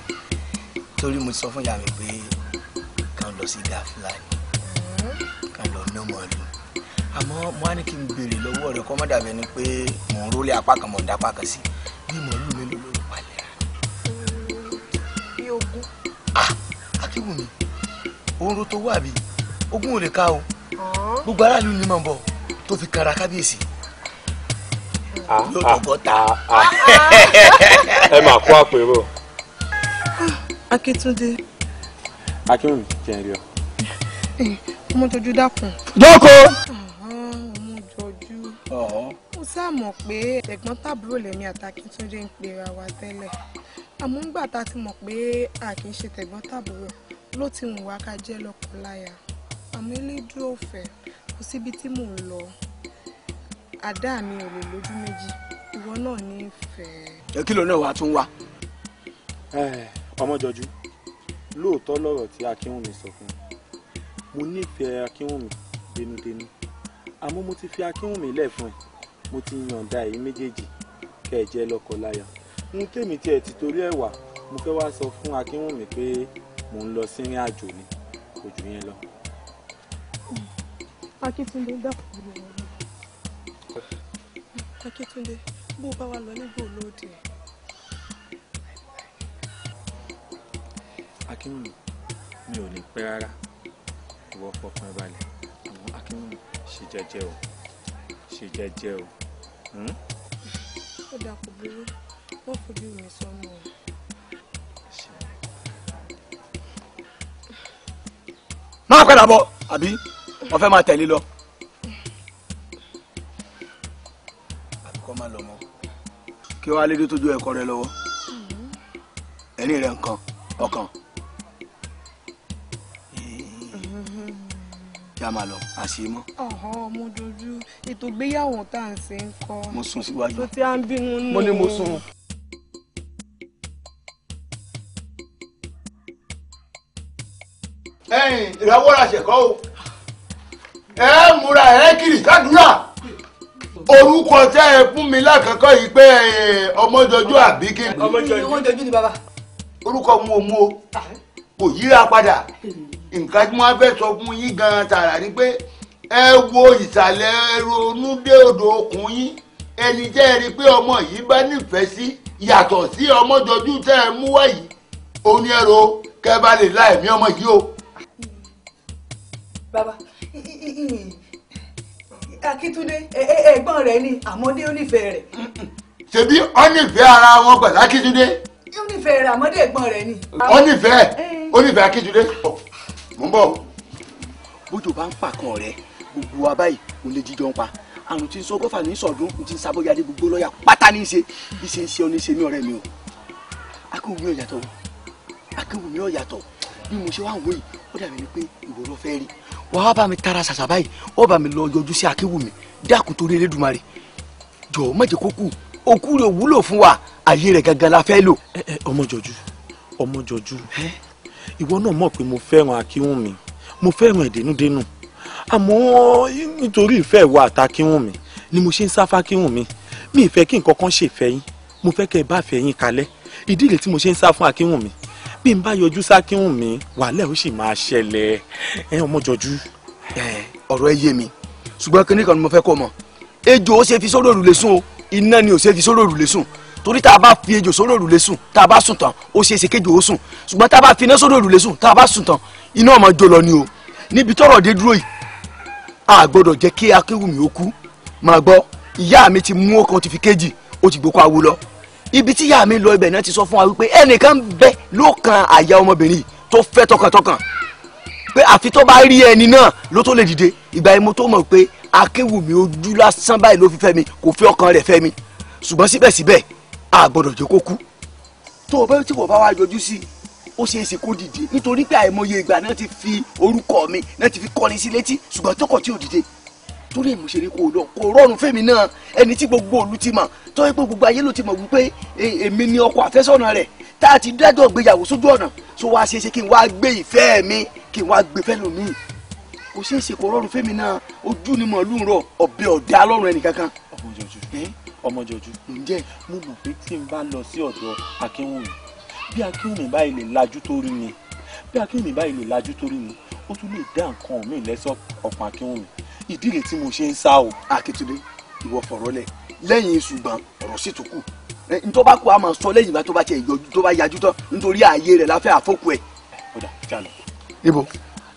torí mo ti sọ fún ìyá mi pé ká lọ sí ìdá fúlàní lọ ná màálù àmọ́ mo á ní kí n béèrè lọ́wọ́ rẹ̀ kọ́ má ẹni pé mò ń rólé apá kan mò ń dápá kan sí bí màálù mélòó ló ń palẹ̀ rà. bí ogún. Ah! akíwùmí oorun tó wà bí ogún ò lè ká o gbogbo aráàlú ni mò ń bọ̀ tó fi kara kábíyèsí ah, yóò lọ́gọ́ta. Ah, [laughs] ẹ máa kó àpérò. Akíntúndé. Ah, Akínwùmí jẹ́ ẹ̀rí ọ. Eh, jọjú dákun. Dọ́kọ. Ah, ọmọ jọjú. Mo sá mọ̀ pé ẹ̀gbọ́n tàbúrò lẹ́mi àti Akíntúndé ń pera wa tẹ́lẹ̀. Àmọ́ ńgbà tá a ti mọ̀ pé a kì í ṣe tẹ̀gbọ́n tàbúrò ló ti wù wá ká jẹ́ lọ́kọ láya. Àmọ́ elédùn ọ̀fẹ́ kò síbi tí mò ń lọ. Àdá mi ò lè lójú méjì. Ìwọ náà ní ìfẹ́. Ẹ kí ló náà wàá tún eh ọmọjọjú lóòótọ́ lọ̀rọ̀ tí akínwùmí sọ fún mi mo nífẹ̀ẹ́ akínwùmí denudenu àmọ́ mo ti fi akínwùmí lẹ̀ fún ẹ mo ti yànda èyí méjèèjì kẹ́ ẹ jẹ́ lọ́kọ láya ohun tèmi tiẹ̀ ti torí ẹ̀ wá mo fẹ́ wá sọ fún akínwùmí pé mò ń lọ sínrin àjò ni kò jù yẹn lọ. akíntúndé dákúrò rẹ akíntúndé bó bá wa lọ nígbò lóde. akínwùmí mi ò ní pẹ́ rárá ìwọ pọpọ balẹ̀ àwọn akínwùmí ṣe jẹ́jẹ́ o ṣe jẹ́jẹ́ o. Hmm? ó dà kò burú wọ́n fojú mi sọ́nù o. máa padà bọ̀ àbí wọ́n fẹ́ máa tẹ̀lé lọ. kí wọ́n lédè tójú ẹ̀kọ́ rẹ lọ́wọ́ mm-hmm. ẹ̀rín rẹ nǹkan ọkàn. Mm kí a máa lọ àṣe mọ́. ọ̀hán ọmọ dojú ètò ìgbéyàwó tá à ń ṣe ń kọ́. mo sùn síwájú. tó ti à ń bínú nù. mo ní mo sùn. ẹ̀yin ìràwọ̀ ra ṣẹ̀kọ́ o ẹ múra ẹ kiri sádùúrà orúkọ tẹ ẹ fún mi lákàkọ́ yìí pé ọmọjọjú àbí kí. ọmọjọjú ni bàbá. orúkọ mu o mu o kò yíra padà nǹkan tí wọ́n fẹ́ sọ fún yín gan-an tààrà ni pé ẹ wo ìsàlẹ̀ ronú dé odò okùn yín ẹni tẹ́ ẹ rí i pé ọmọ yìí bá nífẹ̀ẹ́ sí yàtọ̀ sí ọmọ tẹ́ ẹ mú wáyìí òun ni ẹ ro kẹ́ bá lè la ẹ̀mí ọmọ yìí o. bàbá akíntúndé ẹ̀gbọ́n rẹ̀ ni àmọ́dé ó nífẹ̀ẹ́ rẹ̀. ṣebí ó nífẹ̀ẹ́ ara wọn pẹ̀lú akíntúndé. ó nífẹ̀ẹ́ rẹ̀ àmọ́dé ẹ̀gbọ́n rẹ̀ ni. ó nífẹ̀ẹ́ ó nífẹ̀ẹ́ akíntúndé mo ń bọ̀. bójú bá ń pàkan rẹ gbogbo wa báyìí kò lè jíjọ ń pa àrùn tí ń so gọ́fà ní sọ̀dún tí ń sábóyadé gbogbo lọ́ọ̀yà pátá ní í ṣe bí ṣe ń ṣe ọ́ ní ṣe mí ọ̀rẹ́ mi o akéwùmí ọ̀yàtọ̀ akéwùmí ọ̀yàtọ̀ bí mo ṣe wá wò yìí ó dàbí ni pé ìwọ lọ fẹ́ rí wàá bá mi tara ṣàṣà báyìí ó bá mi lọ yọjú sí akéwùmí dákun torí Elédùmarè jọ̀ọ́ má jẹ́ kó kú òkú rẹ̀ wúlò fún wa ayé rẹ̀ gangan la fẹ́ lò. ẹ ẹ ọmọ jọjú ọmọ jọjú ìwọ náà mọ̀ pé mo fẹ́ràn akínwùmí mo fẹ́ràn ẹ̀dẹ́núdẹ́nù àmọ́ nítorí ìfẹ́ ìwà àtàkínwùmí ni mo ṣe ń sá fákínwùmí mi ìfẹ́ kí nǹkan kan ṣèfẹ́ yín mo fẹ́ kẹ́ ẹ bá fẹ́ yín kalẹ̀ ìdílé tí mo ṣe ń sá fún akínwùmí bí n bá yọjú sákínwùmí wàhálà ó sì máa ṣẹlẹ̀ ẹ ọmọ jọjú. ọ̀rọ̀ ẹ yé mi ṣùgbọ́n kíní ni mo fẹ́ kọ́ mọ̀ ejò ó ṣe fi sórí òrùlé sùn o iná ni ò ṣe fi sórí òrùlé sùn torí tá a bá fi ejò sórí òrùlé sùn tá a bá sùn tán ó ṣeé ṣe kéjò ó sùn ṣùgbọ́n tá a bá fi iná sórí òrùlé sùn tá a bá sùn tán iná ọmọ jò ni o níbi tọ́rọ̀ dé dúró yìí a gbọ́dọ̀ jẹ́ kí akéwùmí ó kú màá gbọ́ ìyá mi ti mú ọkàn ti fi kéjì ó ti gbókò awo lọ ibi tí ìyá mi lọ ibẹ̀ náà ti sọ fún wa wípé ẹnìkan bẹ ló kan àyà ọmọbìnrin tó fẹ́ tọkàntọkàn pé àfi tó bá rí ẹni náà ló tó lè dìde ìgbà yẹn mo tó mọ̀ pé akéwùmí ojú lásán báyìí ló fi fẹ́ mi kò fi ọkàn rẹ̀ fẹ́ mi ṣùgbọ́n síbẹ̀síbẹ̀ a gbọ́dọ̀ jẹ́ kó kú tó o bá tí wọ́n bá wá yọjú sí i ó ṣeé ṣe kó dìde nítorí pé àìmọye ìgbà náà ti fi orúkọ mi náà ti fi kọrin sí létí ṣùgbọ́n tó kọ̀ tí ò dìde torí èmi ṣeré kó lọ kó rọrùn fèmí náà ẹni tí gbogbo òlu ti mọ̀ tó yẹ pé gbogbo ayé ló ti mọ̀ wípé e, èmi ni ọkọ àfẹ́sọ̀nà rẹ̀ tá a ti dájọ́ gbéyàwó sójú ọ̀nà tó wá ṣeéṣe kí n wá gbé ìfẹ́ mi kí n wá gbé fẹ́ lómi kò ṣeéṣe kó rọrùn fèmí náà ojú ni mọ̀ lù ń rọ ọ̀bẹ ọ̀dà lọ́rùn ẹnì kankan ọmọjọjú ǹjẹ́ mo mọ̀ pé tí n bá lọ sí ọ̀dọ̀ akínwùmí bí akínwùmí báyìí lè lajú tó rí mi bí akínwùmí báyìí lè lajú tó rí mi ó tún lè dá nǹkan mi lẹ́sọ̀ ọ̀pọ̀ akínwùmí ìdí rèé tí mo ṣe ń sá o. akitunde ìwọ fọ̀rọ̀ lẹ̀ lẹ́yìn ṣùgbọ́n ọ̀rọ̀ sì tó kù ntọ́ bá kú a máa sọ lẹ́yìn bá tó bá tiẹ̀ yọjú tó bá yajú tán nítorí ààyè rẹ̀ la àfọ́kù ẹ̀. ọ̀dà já lọ. ibo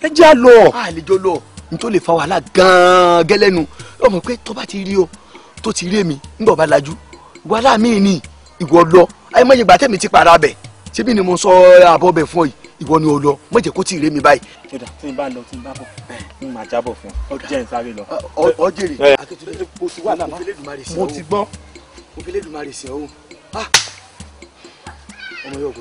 ẹ já lọ. àlejò lọ ntọ́ lè fa wàhálà gan-an gẹ́lẹ́nu ọmọ pé tó bá ti rí o tó ti rí èmi ńgbọ̀ bá lajú ìwà láàmì ni ìwọ lọ ayé mọ̀jẹ̀ gbà tẹ̀mí ti para bẹ̀ ṣébí ni mo sọ abọ́ bẹ̀ fún ọ yìí ìwọ ni o lọ mọ̀jẹ̀ kó ti rí èmi báyìí. ọ̀dà tí n bá lọ tí n bá bọ̀ n máa jábọ̀ fún ọ jẹ́ n sáré lọ. ọ jèrè akéwìtì mo ti wà náà mo ti gbọ́ mo fi lédùmarè sìn ọ́ ọmọ yóò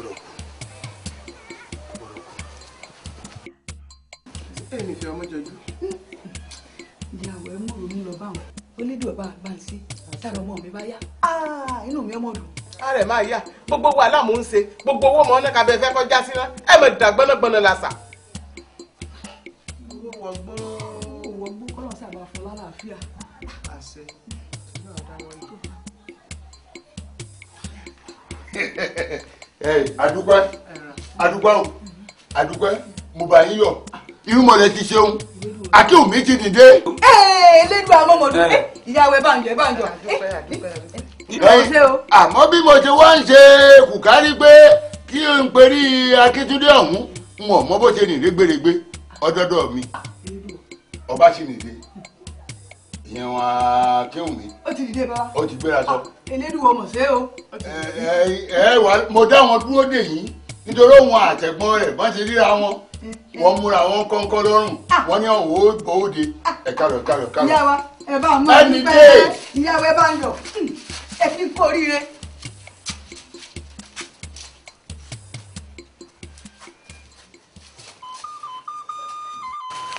onídùú ọba àgbàǹsí tára ọmọ mi bá yá ah, inú mi ọmọ dùn. a rẹ̀ máa yá gbogbo wa láàmú ń ṣe gbogbo owó ọmọ ọ̀nà kàbẹ́ fẹ́ kọjá síná ẹ̀ mọ̀ dà gbọ́nàgbọ́nà làṣà. owó ọgbọ́n owó ọgbọ́n kọ́lọ́ sábà fún lálàáfíà. àṣẹ náà dá wọn tó. àdúgbò àdúgbò àdúgbò mo bá yín yọ̀ irúmọlẹ̀ ti ṣeun àti omi ti dìde. elédùn amọ́mọdún eh, ìyàwó ẹ bá ń jọ ẹ bá ń jọ. Eh, eh, àmọ́ bí mo ṣe wá ń ṣe kùkárí pé kí n perí akíntúndé ọ̀hún n ò mọ bó ṣe nìdé gbèrègbè ọdọọdọ mi ọba ṣì nìdé ìyẹn wọn akéwùn mi. ó ti dìde bá. ó ti gbéra sọ. Ah, elédùn ọmọ ṣe o. ẹ ẹ wà mo dá wọn dúró dè yín nítorí òun àtẹ̀gbọ́n rẹ̀ bọ́n ti ríra wọn wọ́n múra wọn kọ́ńkọ́ lọ́rùn ah. wọ́n ní ọ̀wọ́ òde ah. ẹ̀ka rẹ̀ ẹ̀ka rẹ̀ ẹ̀ka rẹ̀. ìyàwó ẹ bá mú ẹni pẹ́ ìyàwó ẹ bá ń lọ hmm. ẹ fi kórìíre.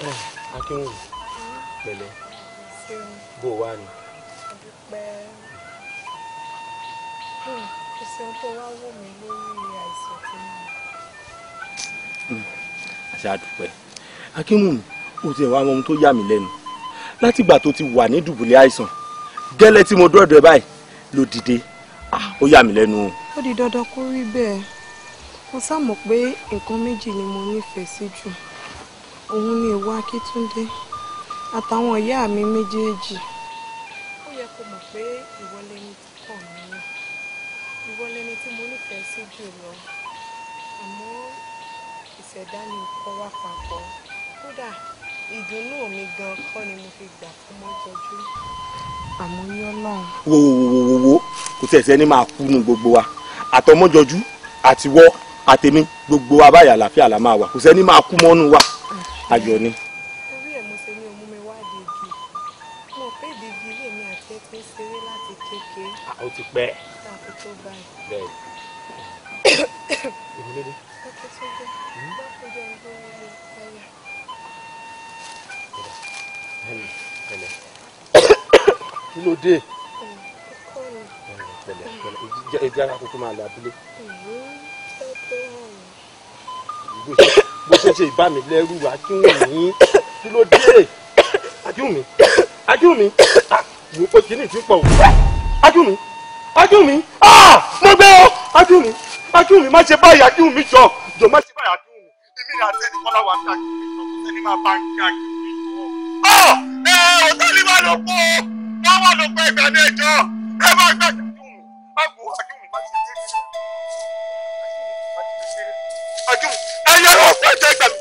Eh, akínwó pẹ̀lẹ́ bó wà ní. Hmm, kò sí ohun tó wá wò mí lórí àìsàn tí mo ní. Hmm àti àdúpẹ́ akínwùmí ó ti wá ohun tó yà mí lẹ́nu látìgbà tó ti wà ní dùbúlẹ̀ àìsàn gẹ́lẹ́ tí mo dọ́dọ̀ ẹ̀ báyìí ló dìde ó yà mí lẹ́nu o. ó di dandan kó rí bẹ́ẹ̀ mo sá mọ̀ pé nǹkan méjì ni mo nífẹ̀ẹ́ sí jù òun ni ìwà akíntúndé àtàwọn ìyá mi méjèèjì ó yẹ kó mọ̀ pé ìwọ lẹni kàn mí ìwọ lẹni tí mo nífẹ̀ẹ́ sí jù lọ àmọ́ ìṣẹ̀dá ni kó wá papọ̀ kódà ìdùnnú mi gan kọ́ ni mo fi gbà fún mọ́jọ́jú àmọ́ náà. wo wo wo wo wo kò tẹ̀ sẹ́ni máa kú nu gbogbo wa àtọmọ́jọ́jú àtiwọ́ àtẹ̀mí gbogbo wa báyà àlàáfíà la máa wà kò sẹ́ni máa kú mọ́nú wa ayọ̀ ni. orí ẹ̀ mo ṣe ní omu mi wá di igi mo pé di ilé mi àti ẹ ṣeré láti kékeré. ó ti pẹ́. ló dé ara tuntun máa lọ abúlé bó ṣe ìbá mi lẹ́rù akínwùmí kí ló dé ajúmi ajúmi mo ah, pe kíní ti pọ̀ ajúmi ajúmi ah, mo gbé ọ ajúmi ajúmi má ṣe báyìí ajúmi jọ jọ má ṣe báyìí ajúmi èmi àti ẹni kọ́lá wà káàkiri ẹni máa bá ń káàkiri ìjọba. Ah, ọ̀ ẹ̀ ọ̀tá ni wàá lọ pọ̀ wọ́n wà ló pẹ́ ìgbà ní ẹjọ́ ẹ bá gbà jù mí àgbo àjùmù bá ti dé àjùmù ẹ̀yẹ ló pẹ́ jẹ́ gbàgbé.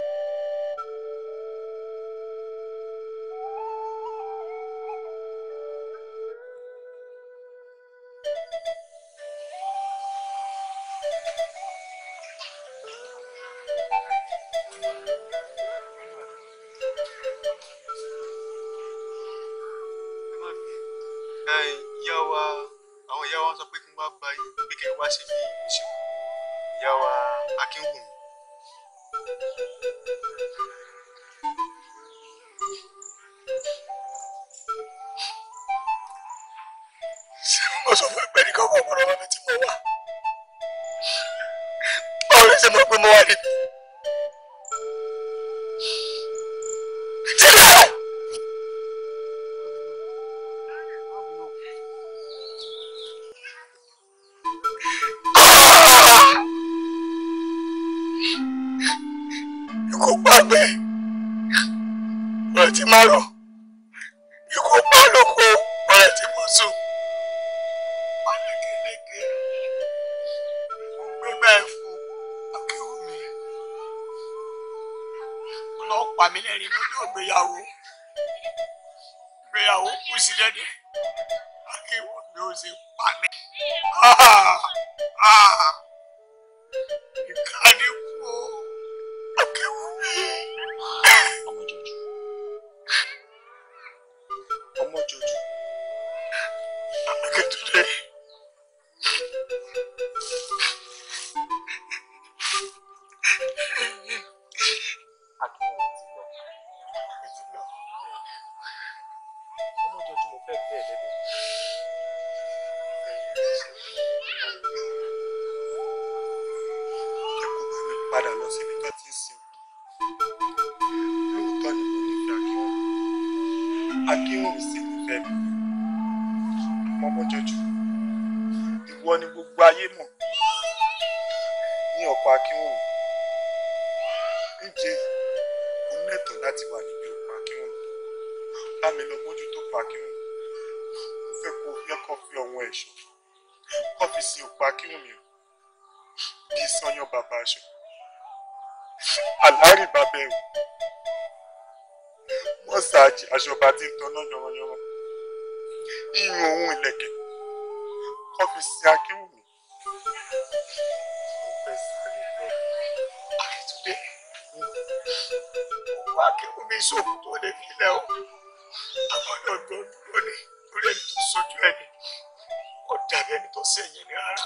pa mí lẹ́rìn lọ́jọ́ ìgbéyàwó ìgbéyàwó kù sí dẹ́dẹ́ akéwọ̀ mi ò sì pa mí. Ah, ah. ìkànnì kú o. ti ń tanná yànrànyànràn iyùn ohun ìlẹ̀kẹ̀ ọ́fíìsì akínwùmí ọ̀fẹ́ sáré lọ àìtúndé owó akínwùmí sóògùn tó lè fi lẹ́ o àgbọ̀dọ̀ gbọ́ dúró ní lórí ẹni tó sojú ẹni kò dàbí ẹni tó sẹ̀yìn ní rárá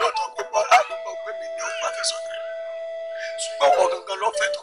lọ́tọ̀ gbogbo aráàlú mọ̀ pé mi ní ọgbà fẹsọ̀tẹ̀ ṣùgbọ́n wọn gangan lọ́fẹ̀ẹ́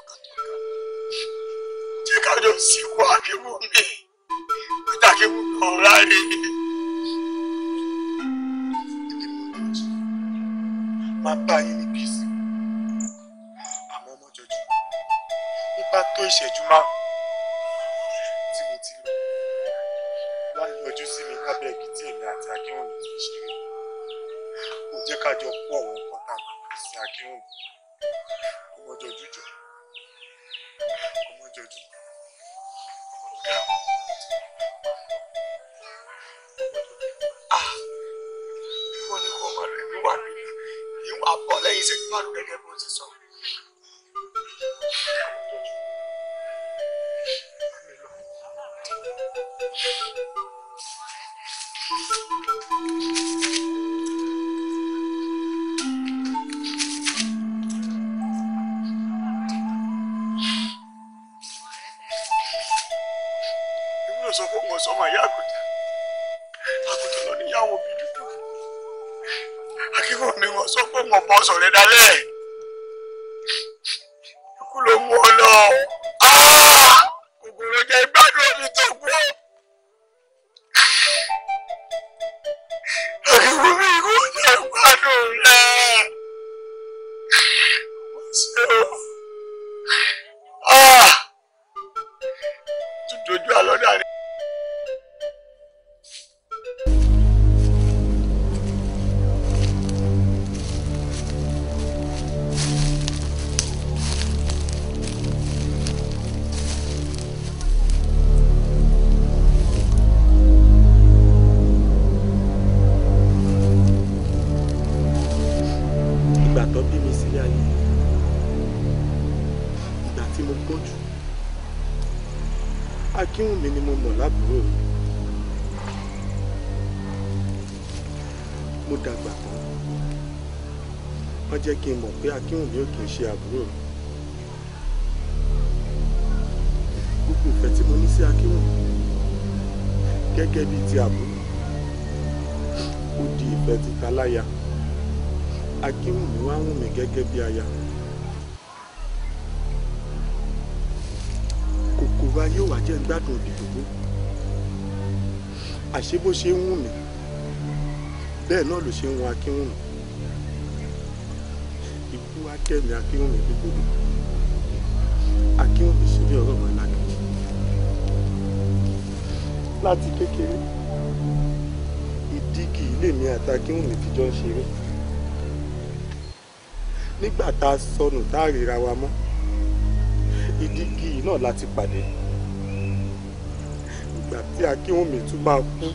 kí n mọ̀ pé akínwùmí ò kì í ṣe àbúrò mi gbogbo ìfẹ́ tí mo ní sí akínwùmí gẹ́gẹ́ bíi ti àbúrò ó di ìfẹ́ ti taláya akínwùmí wá wù mí gẹ́gẹ́ bíi aya kòkòrò ayé ò wá jẹ́ gbádùn òdìdòdó àṣé bó ṣe ń wù mí bẹ́ẹ̀ náà ló ṣe ń wọ akínwùmí. Fúnkẹ́mi Akínwùmí Gbígbódò Akínwùmí sílé ọ̀rọ̀ mọ́ lákìí láti kékeré ìdígì ilé mi àti Akínwùmí ti jọ ń ṣeré nígbà tá a sọnù tá a ríra wa mọ́ ìdígì náà láti pàdé ìgbà tí Akínwùmí tún máa kú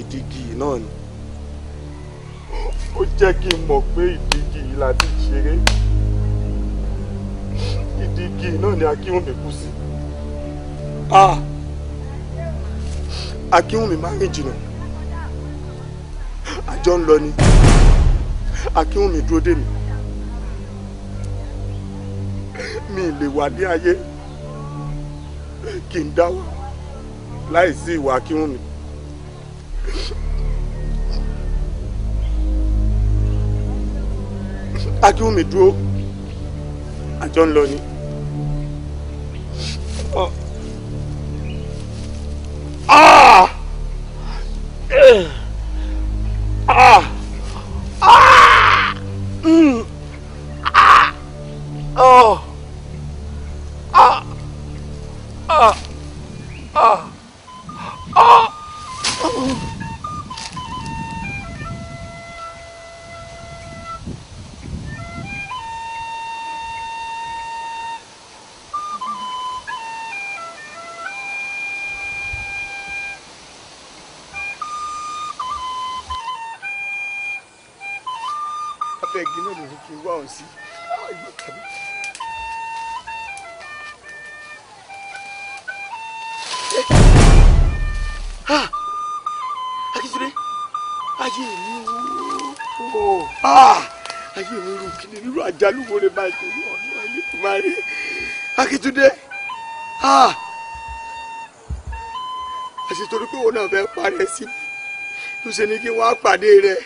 ìdígì náà ni ó jẹ́ kí n mọ̀ pé ìdígì la ti ṣeré ìdí igi náà ni akínwùmí kú sí akínwùmí má rìn jìnnà àjọ ń lọ ni akínwùmí dúró dè mí mi lè wà ní ayé kí n dáwọ́ láì sí ìwà akínwùmí akínwùmí dúró àjọ ń lọ ni. mi wá òun sí. Ah! Akíntúndé ayé mi ooo ah! ayé mi rú kí ni irú àjálù wo lè máa jẹ ní ọ̀nà ilé kò máa rí Akíntúndé ah! àṣetorí pé òun náà fẹ́ parẹ́ sí i ló ṣe kí wọ́n á pàdé rẹ̀.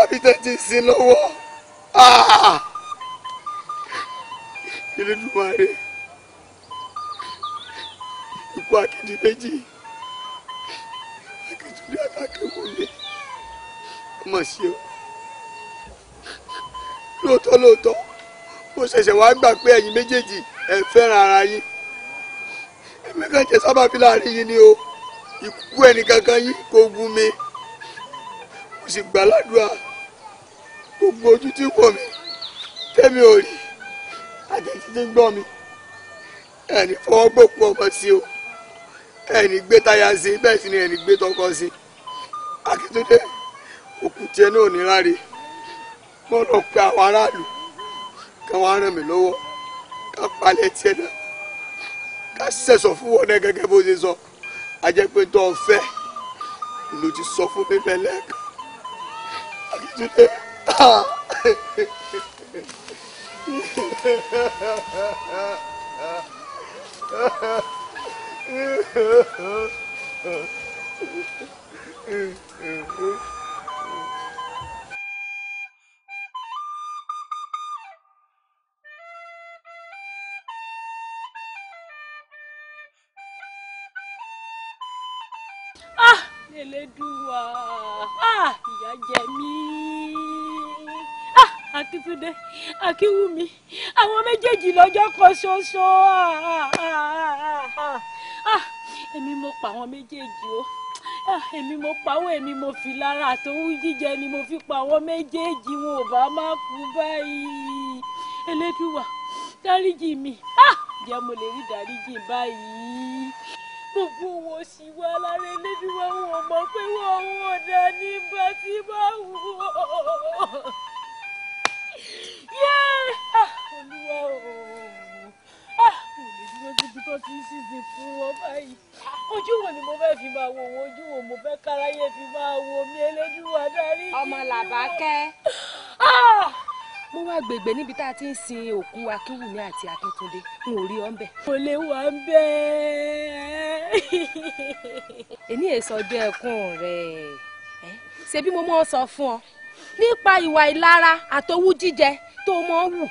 wá bí tẹ́tí sí lọ́wọ́ ah! Elédùmarè ikú akéde méjì akétúndé akákéwòlé ọmọ sí o lóòótọ́ lóòótọ́ mo ṣẹ̀ṣẹ̀ wá gbà pé ẹ̀yin méjèèjì ẹ fẹ́ràn ara yín ẹ̀mí kan jẹ́ sábàbí láàrin yín ni o ikú ẹnì kankan yín kò gún mi mo sì gbàládùá gbogbo ojú tí wò mí tẹ́mi ò rí àti títí gbọ́ mi ẹni fọwọ́ gbòkú ọmọ sí o ẹni gbé táyà sí bẹ́ẹ̀ sì ni ẹni gbé tọkọ sí Akíntúndé òkú náà ní láre mo lọ pe àwọn aráàlú kí wọ́n ràn mí lọ́wọ́ ká palẹ̀ tiẹ̀ náà ká sẹ̀sọ̀ fún wọn náà gẹ́gẹ́ bó ṣe sọ àjẹpẹ́tọ̀ ọ̀fẹ́ ló ti sọ fún mi bẹ́ẹ̀ lẹ́ẹ̀kan Akíntúndé ah elédùà ah ìyà jẹ mí akíntúndé akíwùmí àwọn méjèèjì lọ́jọ́ kan ṣoṣo ah, èmi mo pa àwọn méjèèjì o ah, èmi mo pawọ́ èmi mo fi lára àtòwú jíjẹ ni mo fi pa àwọn méjèèjì wọn ò bá má kú báyìí elédùwà dáríjì mi ah, jẹ́ mo lè rí dáríjì báyìí gbogbo wo sì wá lára elédùwà wọn ò mọ̀ pé wọn ò dání bá ti bá wù ọ́ olúwa o mo lè dúró síbi tó ti ń ṣìṣe fún wọn báyìí ojú wo ni mo fẹ́ fi máa wo wọn ojú wo mo fẹ́ káráyé gbègbè níbi tá a ti ń sin òkú akínwùmí àti akíntúndé n ò rí ọ ń mo lè wà ń bẹ. èmi èso ọjọ́ ẹkún rẹ ṣebí mo mọ sọ fún ọ nípa ìwà ìlara àtowú jíjẹ tó o mọ̀ ń wù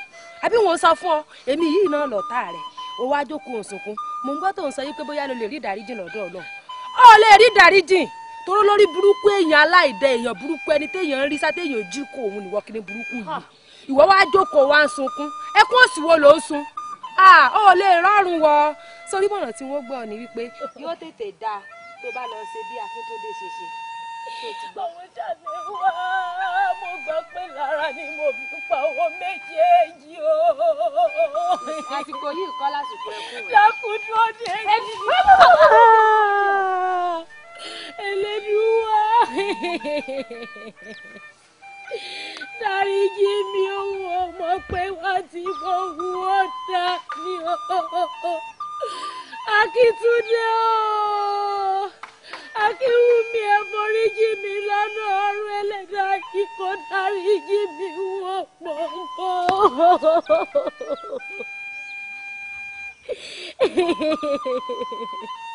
àbí wọn sọ fún ọ èmi yìí náà lọ́tà rẹ̀ o wá jókòó òsùnkún mò ń gbọ́ tó ń sọ yí pé bóyá lo lè rí ìdáríjìn lọ́dọ̀ Ọlọ́run ọ lè rí ìdáríjìn toró lórí burúkú èèyàn aláìdẹ èèyàn burúkú ẹni téèyàn ń rí sá téèyàn jí kó òun nìwọ kiri burúkú yìí ìwọ wá jókòó wá ń sunkún ẹkún òsì wo ló ń sun ọ lè rọrùn wọ sórí mọ̀nà tí wọ́n gbọ́ ni wípé yóò tètè dáa tó bá lọ ṣe bí Akíntúndé ṣe ṣe àwọn jáde wá mo gbọ́ pé lára ni mo fi pa owó méjèèjì o. àsìkò yìí kọ́ lásìkò ẹ̀kú rẹ̀. lákùnrin ó ní èyí. Elédùwà dáríjì mi òun ọmọ pé wọ́n ti fọwọ́ ọ̀tá ni ó. Akíntúndé o akínwùmí ẹ foríjì mi lọ́nà ọ̀run ẹlẹ́dàá yìí kò dáríjì mi wò pọ̀npọ̀. [laughs]